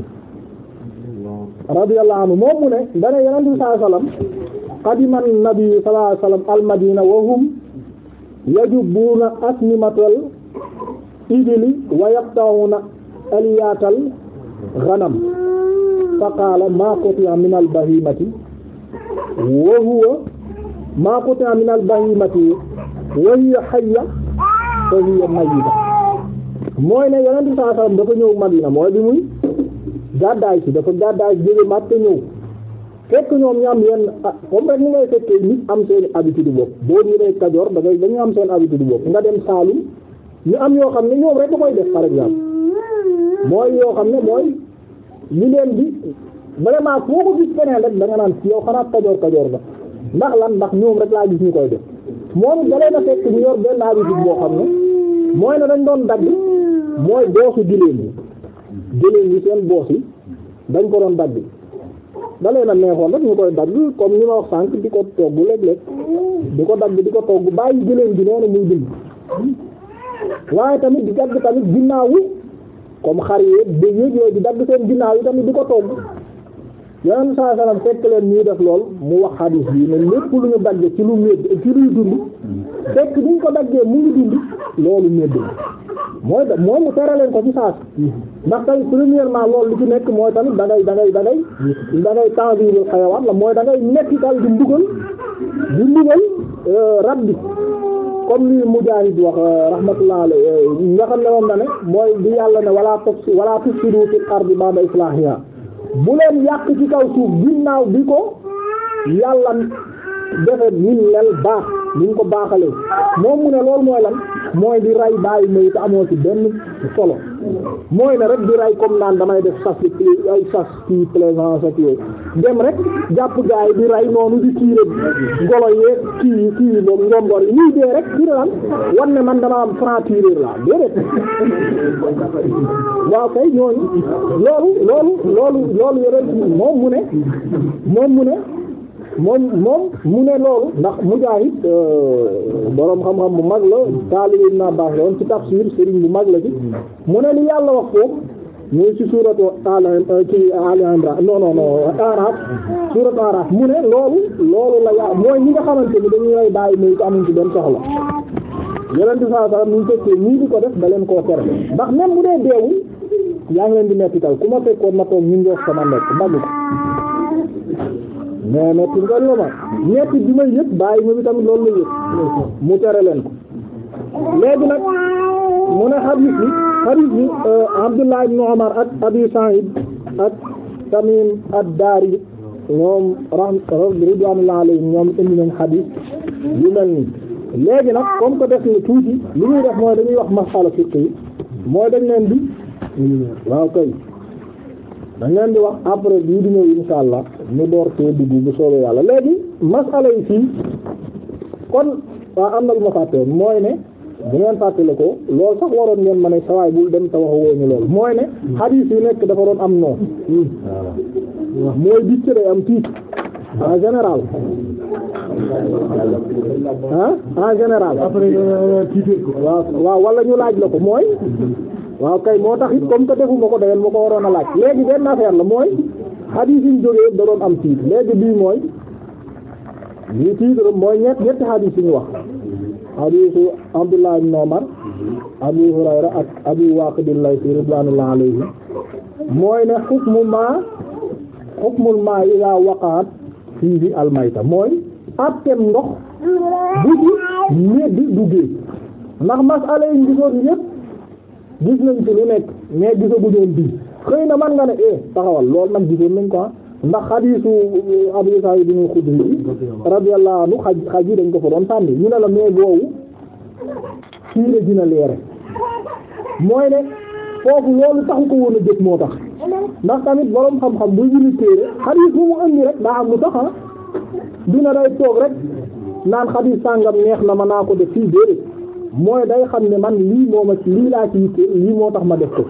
radiyallahu anhu moom mu ne dana yeneen bi sallallahu alayhi nabi sallallahu alayhi al-Madina wa hum yajubbuna asnimatal ibili wa yaqta'una aliyaatal ghanam fa qaala maa quti'a min al bahimati wa huwa maa quti'a min al bahimati wa hiya hayya fa hiya mayyita mooy ne yonent saa sallam dafa ñëw Madina mooy bi muy gàddaay si dafa gàddaay si jóge Makka ñëw fekk ñoom ñu am yenn ah, comme rek ni ngay fekkee nit am seen habitude bopp boo ñu ne Kajoor da ngay dañu am seen habitude bopp nga dem Saalum ñu am yoo xam ne ñoom rek a koy def par exemple mooy yoo xam ne mooy ñu leen di vraiment foo ko gis feneen rek da nga naan yow xanaa kajoor kajoor ba ndax lan ndax ñoom rek laa gis ñu koy def moom dalee na fekk ñu yor benn habitude boo xam ne mooy ne dañ doon dagg mooy boosu giléem yi giléem yi seen boos yi dañ ko doon dagg dalee na neexoon rek ñu koy dagg comme ni ma wax sànq di ko togg léeg-léeg di ko dagg di ko togg bàyyi giléem bi noonu waaye tamit di dagg tamit ginnaawu comme xar yéeg ba yéeg di dagg seen ginnaaw yi tamit di ko togg yonent saa salaam fekk leen ñuy def lool mu wax xadiis bi ne lépp lu ñu daggee ci lu médd ci luy dund fekk bu ñu ko daggee mu ngi dund loolu médd mooy da mooy mu tere leen ko ci saas ndax tey premièrement loolu li ci nekk mooy tamit da ngay da ngay da ngay da ngay tanvibul xayawaan mooy da ngay nekk dal di mbugal di mbugal euh, rab bi comme li Mujaahid wax euh, rahmatullah alayhi euh, nga xam ne moom ne mooy bi yàlla ne wala tufsidu wala tufsidu fil ardi ba'da islaahiha bu leen yàq ci kaw suuf ginnaaw bi ko yàlla defe nin baax ni ko baaxalee moom mu ne lool mooy lan mooy di ray bàyyi mayi te amoo ci benn solo mooy na rek di ray comme naan damay def chasse ay chasse ci plaisance ak yooyu dem rek jàpp gaay di ray noonu di tiire golo yeeg kii kii moom ngomboor yi ñuy dee rek dina lan wan ne man dama am franc-tireur la déedéet waaw kay ñooñu loolu loolu loolu loolu yore moom mu ne moom mu moom moom mu ne loolu ndax Mujaahid euh, boroom xam-xam bu mag la taalibe Ibn Abbaas la woon ci tafsir sëriñ bu mag la ci mu ne li yàlla wax foofu mooy ci suuratu Al euh, ci Al Imraan non non non Araaf suuratu mu ne loolu loolu la ya mooy ñi nga xamante ni dañu lay bàyyi muy ko amuñ ci benn soxla yeneen bi saa salaam ñu fekkee ñii di ko def da leen koo tere ndax même bu dee deewul yaa ngi leen di mettital ku ma fekkoon ma toog ñu ngi wax sama nekk dagg ko mais metti nga lu ma metti bi ma yëg bàyyi ma bi tamit loolu la mu tere leen ko léegi nag mu ne xadiis bi xadiis bi euh, Abdullah ibn Umar ak Abi Sa'id ak Tamim ad-Dari ñoom ridwaanullah alayhim ñoom indi nañ xadiis yu mel nii léegi nag comme que def ni tuuti li muy def mooy dañuy wax masala fiqh yi mooy dañ leen di waaw kay da ngeen di wax après bii di ñëw insha allah ñu door see dugg bu soobee yàlla léegi masala yi fii kon waa ah, am na lu ma fàtte mooy ne bu ngeen fàttale ko loolu sax waroon ngeen ma ne sawaay bul dem te waxu loolu mooy ne xadiis yi nekk dafa doon am noonu mooy bicc day am tiit en général en général euh, waaw waaw ñu laaj la ko mooy waaw kay moo tax it comme que defu ko dayal ma ko waroon a laaj léegi benn affaire la mooy xadiis yi am tiit léegi bii mooy lii tiit mooy ñett ñetti xadiis yi ñu wax xadiisu Abdullah ibn Umar Abu Hurayra ak Abi Waqid al-Laythi ridwanullahi alayhi mooy ne xukmu ma xukmul ma ila waqaat fii fi almayta mooy attem ndox bu ci ñebe duggee ndax masala yi ñu gis nañ ci lu nekk mais gisaguñoon bii xëy na man nga ne eh taxawal loolu nag gisoon nañ ko ah. ndax xadiisu uh, Abu Saïd ibn Xudri radiyallahu anhu xaj xaj yi dañ ko fa doon sànni ñu ne la mais boobu fii la dina leere mooy ne foofu loolu taxu ko woon a jëkk moo tax ndax tamit boroom xam-xam bu ñu ni téere xadiis bu mu indi rek daa am lu tax ah. dina day toog rek naan xadiis sàngam neex na ma naa ko def fii déedéet mooy day xam ne man lii moo ma lii laa ci yitte lii moo tax ma def ko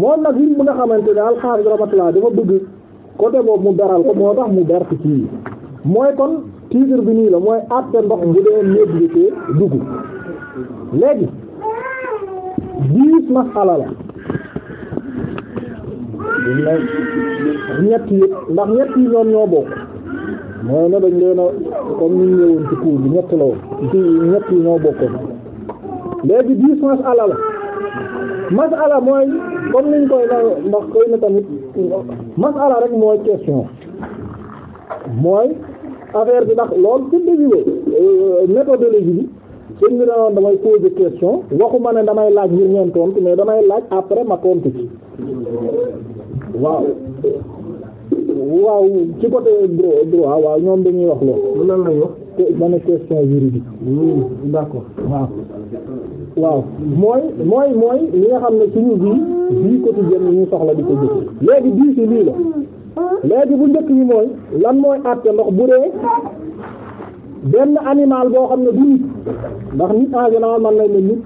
moo nag li mu nga xamante ne alxames ramatulaa dafa bëgg côté boobu mu daral ko moo tax mu ber ci kii mooy kon titre bi nii la mooy àtte ndox bu dee nébilité dugg léegi dix masala la ñett yi ndax ñoo bokk mooy ne dañ leen a comme ñu ñëwoon bi ñett la woon ñett yi ñoo bokkoon léegi dix masala la masala mooy comme niñ koy na ndax koy na tamit masala rek mooy question mooy affaire bi ndax lool ci début euh, méthodologie bi sëñ bi danoon damay poser question waxuma ne damay laaj ngir ngeen tontu mais damay laaj après ma tontu ci waaw waaw ci côté droit waaw ñoom dañuy wax loolu lan lañ wax dama question juridique hmm, d'accord waaw waaw mooy mooy mooy li nga xam ne suñu vie vie quotidienne ñu soxla di ko jëf léegi bii si lii la léegi bu njëkk bi mooy lan mooy àtte ndox bu dee benn animal boo xam ne du nit ndax nit en général man lay ne nit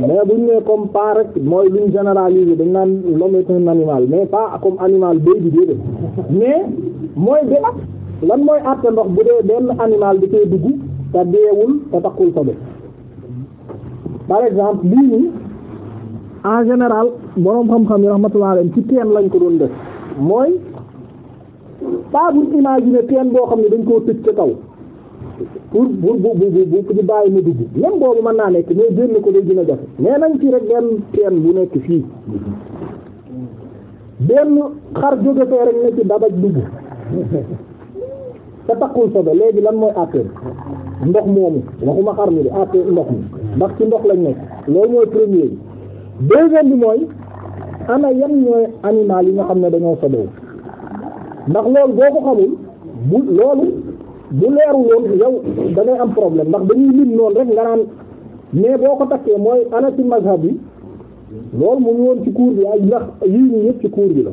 mais buñ ne comme pas rek mooy luñ généraliser dañ naan l'homme e un animal mais pas comme animal béy bi déedéet mais mooy de lan mooy àtte ndox bu dee benn animal di koy dugg te deewul te takkul sobe par exemple lii nii en général boroom xam-xam yi rahmatullah ci teen lañ ko doon def mooy pas bu imaginer teen boo xam ne dañ koo tëj ca kaw pour pour bu bu bu bu bàyyi mu dugg même boobu mën naa nekk mais génn ko day gën a jafe mais nañ ci rek benn teen bu nekk fii benn xar jóge rek ne dabaj dugg te taxul sobe léegi lan mooy affaire ndox moomu waxuma xar mi de affaire ndox mi ndax ci ndox lañ nekk loolu mooy premier bi deuxième bi mooy ana yan ñooy animal yi xam ne dañoo sobewu ndax loolu boo ko xamul bu loolu bu leeru woon yow da am problème ndax dañuy lim noonu rek nga naan mais boo ko takkee mooy ana ci mazhab yi loolu mu ngi woon ci cours bi ay ndax yii ñu yëpp ci cours bi la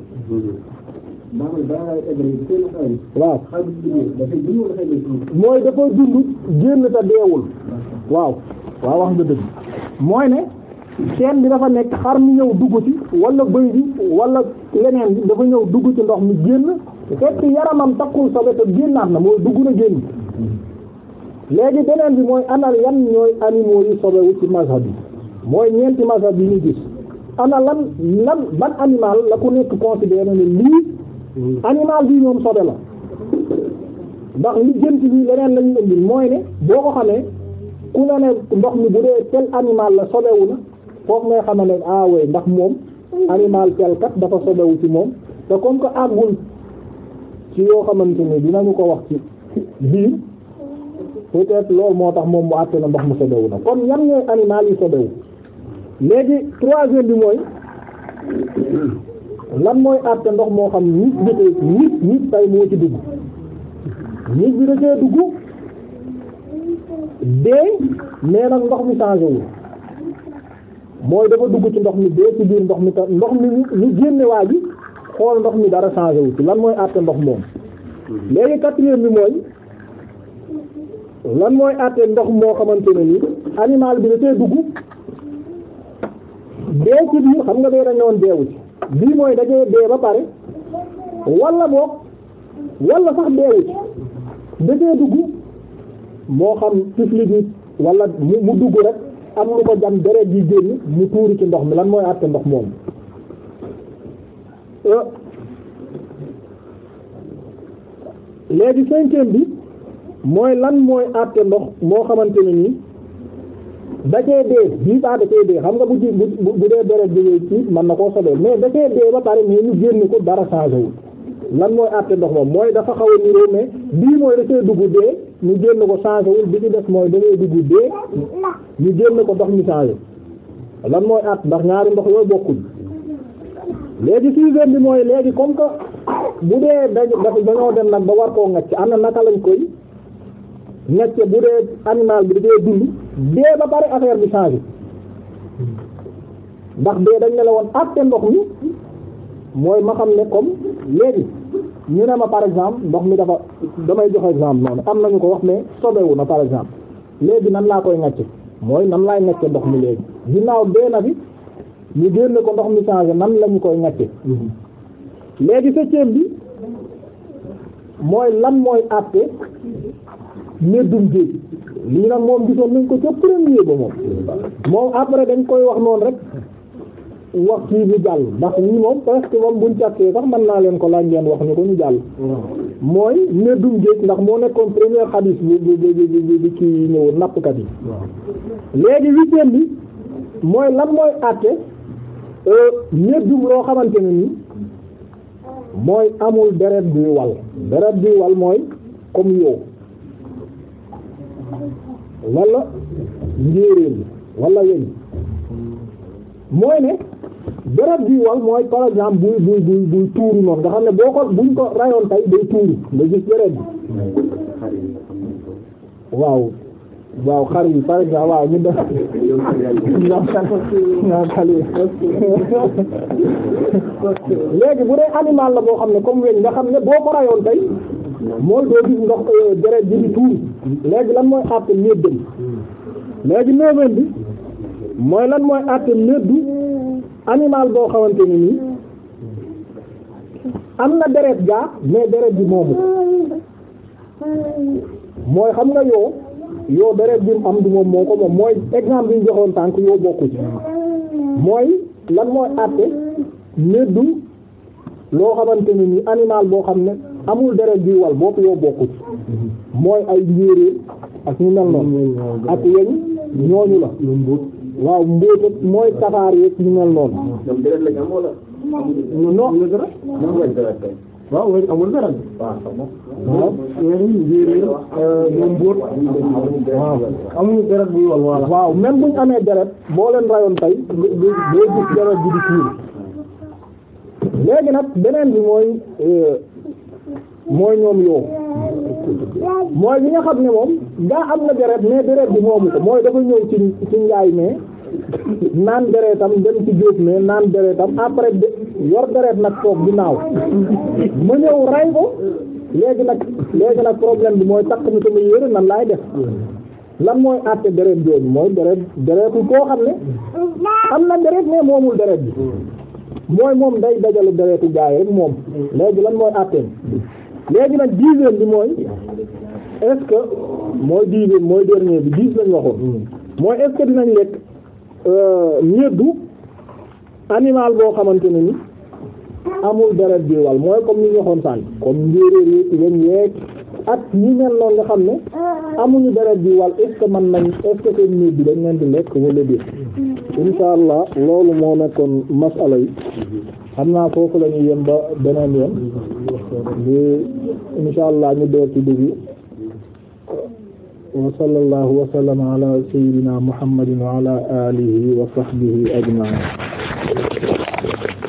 waaw mooy dafa dund génn te deewul waaw waaw wax nga dëgg mooy ne seen bi dafa nekk xar mu ñëw dugg ci wala bëy bi wala leneen bi dafa ñëw dugg ci ndox mi génn fekk yaramam takkul sobe te génnaat na mooy dugg na génn léegi beneen bi mooy anal yan ñooy animaux yi sobewu ci mazhab yi mooy ñeenti mazhab yi ñu gis ana lan lan ban animal la ku nekk considéré ne lii Mm. animal bi ñoom sobe la ndax li jënt bi leneen lañu indi mooy ne boo ko xamee ku ne ne ndox mi bu dee tel animal la sobewu na foofu ngay xama ne awey ah ndax moom animal tel kat dafa sobewu ci moom te comme que àggul ci yoo xamante ni ñu ko wax ci biir peut-être moo tax moom mu àtte na ndox mu sobewu na kon yan ñooy animal yi sobewu léegi troisième bi mooy lan mooy àtte ndox moo xam nit jotee nit nit tay moo ci dugg nit bi da cee dugg dee mais nag ndox mi changé wu mooy dafa dugg ci ndox mi dee ci biir ndox mi ta ndox mi ñu génne waa ji xool ndox mi dara changé wu lan mooy àtte ndox moom léegi quatrième bi mooy lan mooy àtte ndox moo xamante ne ni animal bi da cee dugg dee ci biir xam nga day dañoon deewu ci bii mooy dañoo dee ba pare wala boog wala sax deewu ci dafee dugg moo xam tifli bi wala mu mu dugg rek am lu ko jam deret yi génn mu tuuri ci ndox mi lan mooy àtte ndox moom euh, léegi cinquième bi mooy lan mooy àtte ndox moo xamante ne nii da cee dee bii baax da cee xam nga bu ji bu bu dee deret jógee ci mën na koo sobee mais da cee dee ba pare mais ñu génn ko dara changé wul lan mooy àtte ndox moom mooy dafa xaw a niroo mais bii mooy da cee dugg ñu génn ko changé wul def mooy da ngay dugg dee génn ko ndox mi changé lan mooy àtte ndax ñaari ndox yooyu bokkul léegi suivant bi mooy léegi comme que bu dee dañu dañoo dem nag ba war koo ngacc am na naka lañ koy ngacc bu dee animal bi da cee dee ba pare affaire bi changé ndax dee dañ ne la woon àtte ndox mi mooy ma xam ne comme léegi ñu ne ma par exemple ndox mi dafa damay jox exemple noonu am nañu ko wax ne sobewu na par exemple léegi nan laa koy ngacce mooy nan laay ngacce ndox mi léegi ginnaaw dee na fi ñu génne ko ndox mi changé nan la ñu koy ngacce léegi septième bi mooy lan mooy àtte méddum géej lii nag moom gisoon nañ ko ca premier ba moom moom après dañ koy wax noonu rek wax kii bi jàll ndax ñi moom presque moom buñ càkkee sax man naa leen ko laaj ngeen wax ni ko ñu jàll mooy méddum géej ndax moo nekkoon premier xadis bi bi bi bi bi kii ñëwoon nappkat yi léegi huitième bi mooy lan mooy àtte méddum euh, loo xamante ne ni mooy amul deret buy wal deret buy wal mooy comme yow wala njéeréer bi wala mooy ne garab bi wal mooy par exemple buy buy buy buy tuuru noonu nga xam ne boo ko buñ ko rayoon tey day tuuru nga gis garab bi waaw waaw xar yi par exemple waaw ñu def léegi bu dee animal la boo xam ne comme weñ nga xam ne boo ko rayoon tey mooy doo léegi lan mooy àtte méddam léegi neuvième bi mooy lan mooy àtte méddu animal boo xamante nii am na deret gaa mais deret bi moomu mooy xam nga yoo yoo deret bi am du moo ko moom mooy exemple bi joxoon tànk yoo bokku ci mooy lan mooy àtte méddu loo xamante ni nii animal boo xam ne amul deret bi wal bopp yoo bokku mooy ay njéeréer ak ñu mel noonu ak weñ ñooñu waaw mbóot mooy tafaar yeeg ñu mel noonu non waaw wéy amul dara waaw wéy njéeréer euh, ñoom mbóot waaw amuñu deret bu waaw même buñ amee deret boo leen rayoon tey boo gis deret léegi nag beneen bi mooy euh, mooy ñoom yow mooy bi nga xam ne moom daa am na deret ne deret bi moomu ko mooy dafa ñëw ci ci ngaay naan deretam dem ci jóob mais naan deretam après de yor deret nag toog ginnaaw ma ñëw ray ko léegi nag léegi nag problème bi mooy takk mi sama yére nan laay def lan mooy àtte deret jooju mooy deret deretu koo xam ne am na deret mais moomul deret bi mooy moom day dajalu deretu gaay rek moom léegi lan mooy àtteem léegi nag dixième bi mooy est que mooy dixième mooy dernier bi dix lañ waxoon hmm. mooy est-ce que dinañ lekk euh, ñeddu animal boo xamante ne ni amul deret bi wal mooy comme ni ñu waxoon sànq kon njéeréer yi lañ yeeg ak ñi mel noonu nga xam ne amuñu deret bi wal est-ce que mën nañ est-ce que seen ñeddu dañ leen di lekk wala déet hmm. insha allah loolu moo nekkoon masala yi xam naa foofu la ñuy yem ba beneen yoon bi insha allah ñu door ci dugg wa sallallahu wa sallama ala sayyidina muhammadin wa ala alihi wa sahbihi ajma'in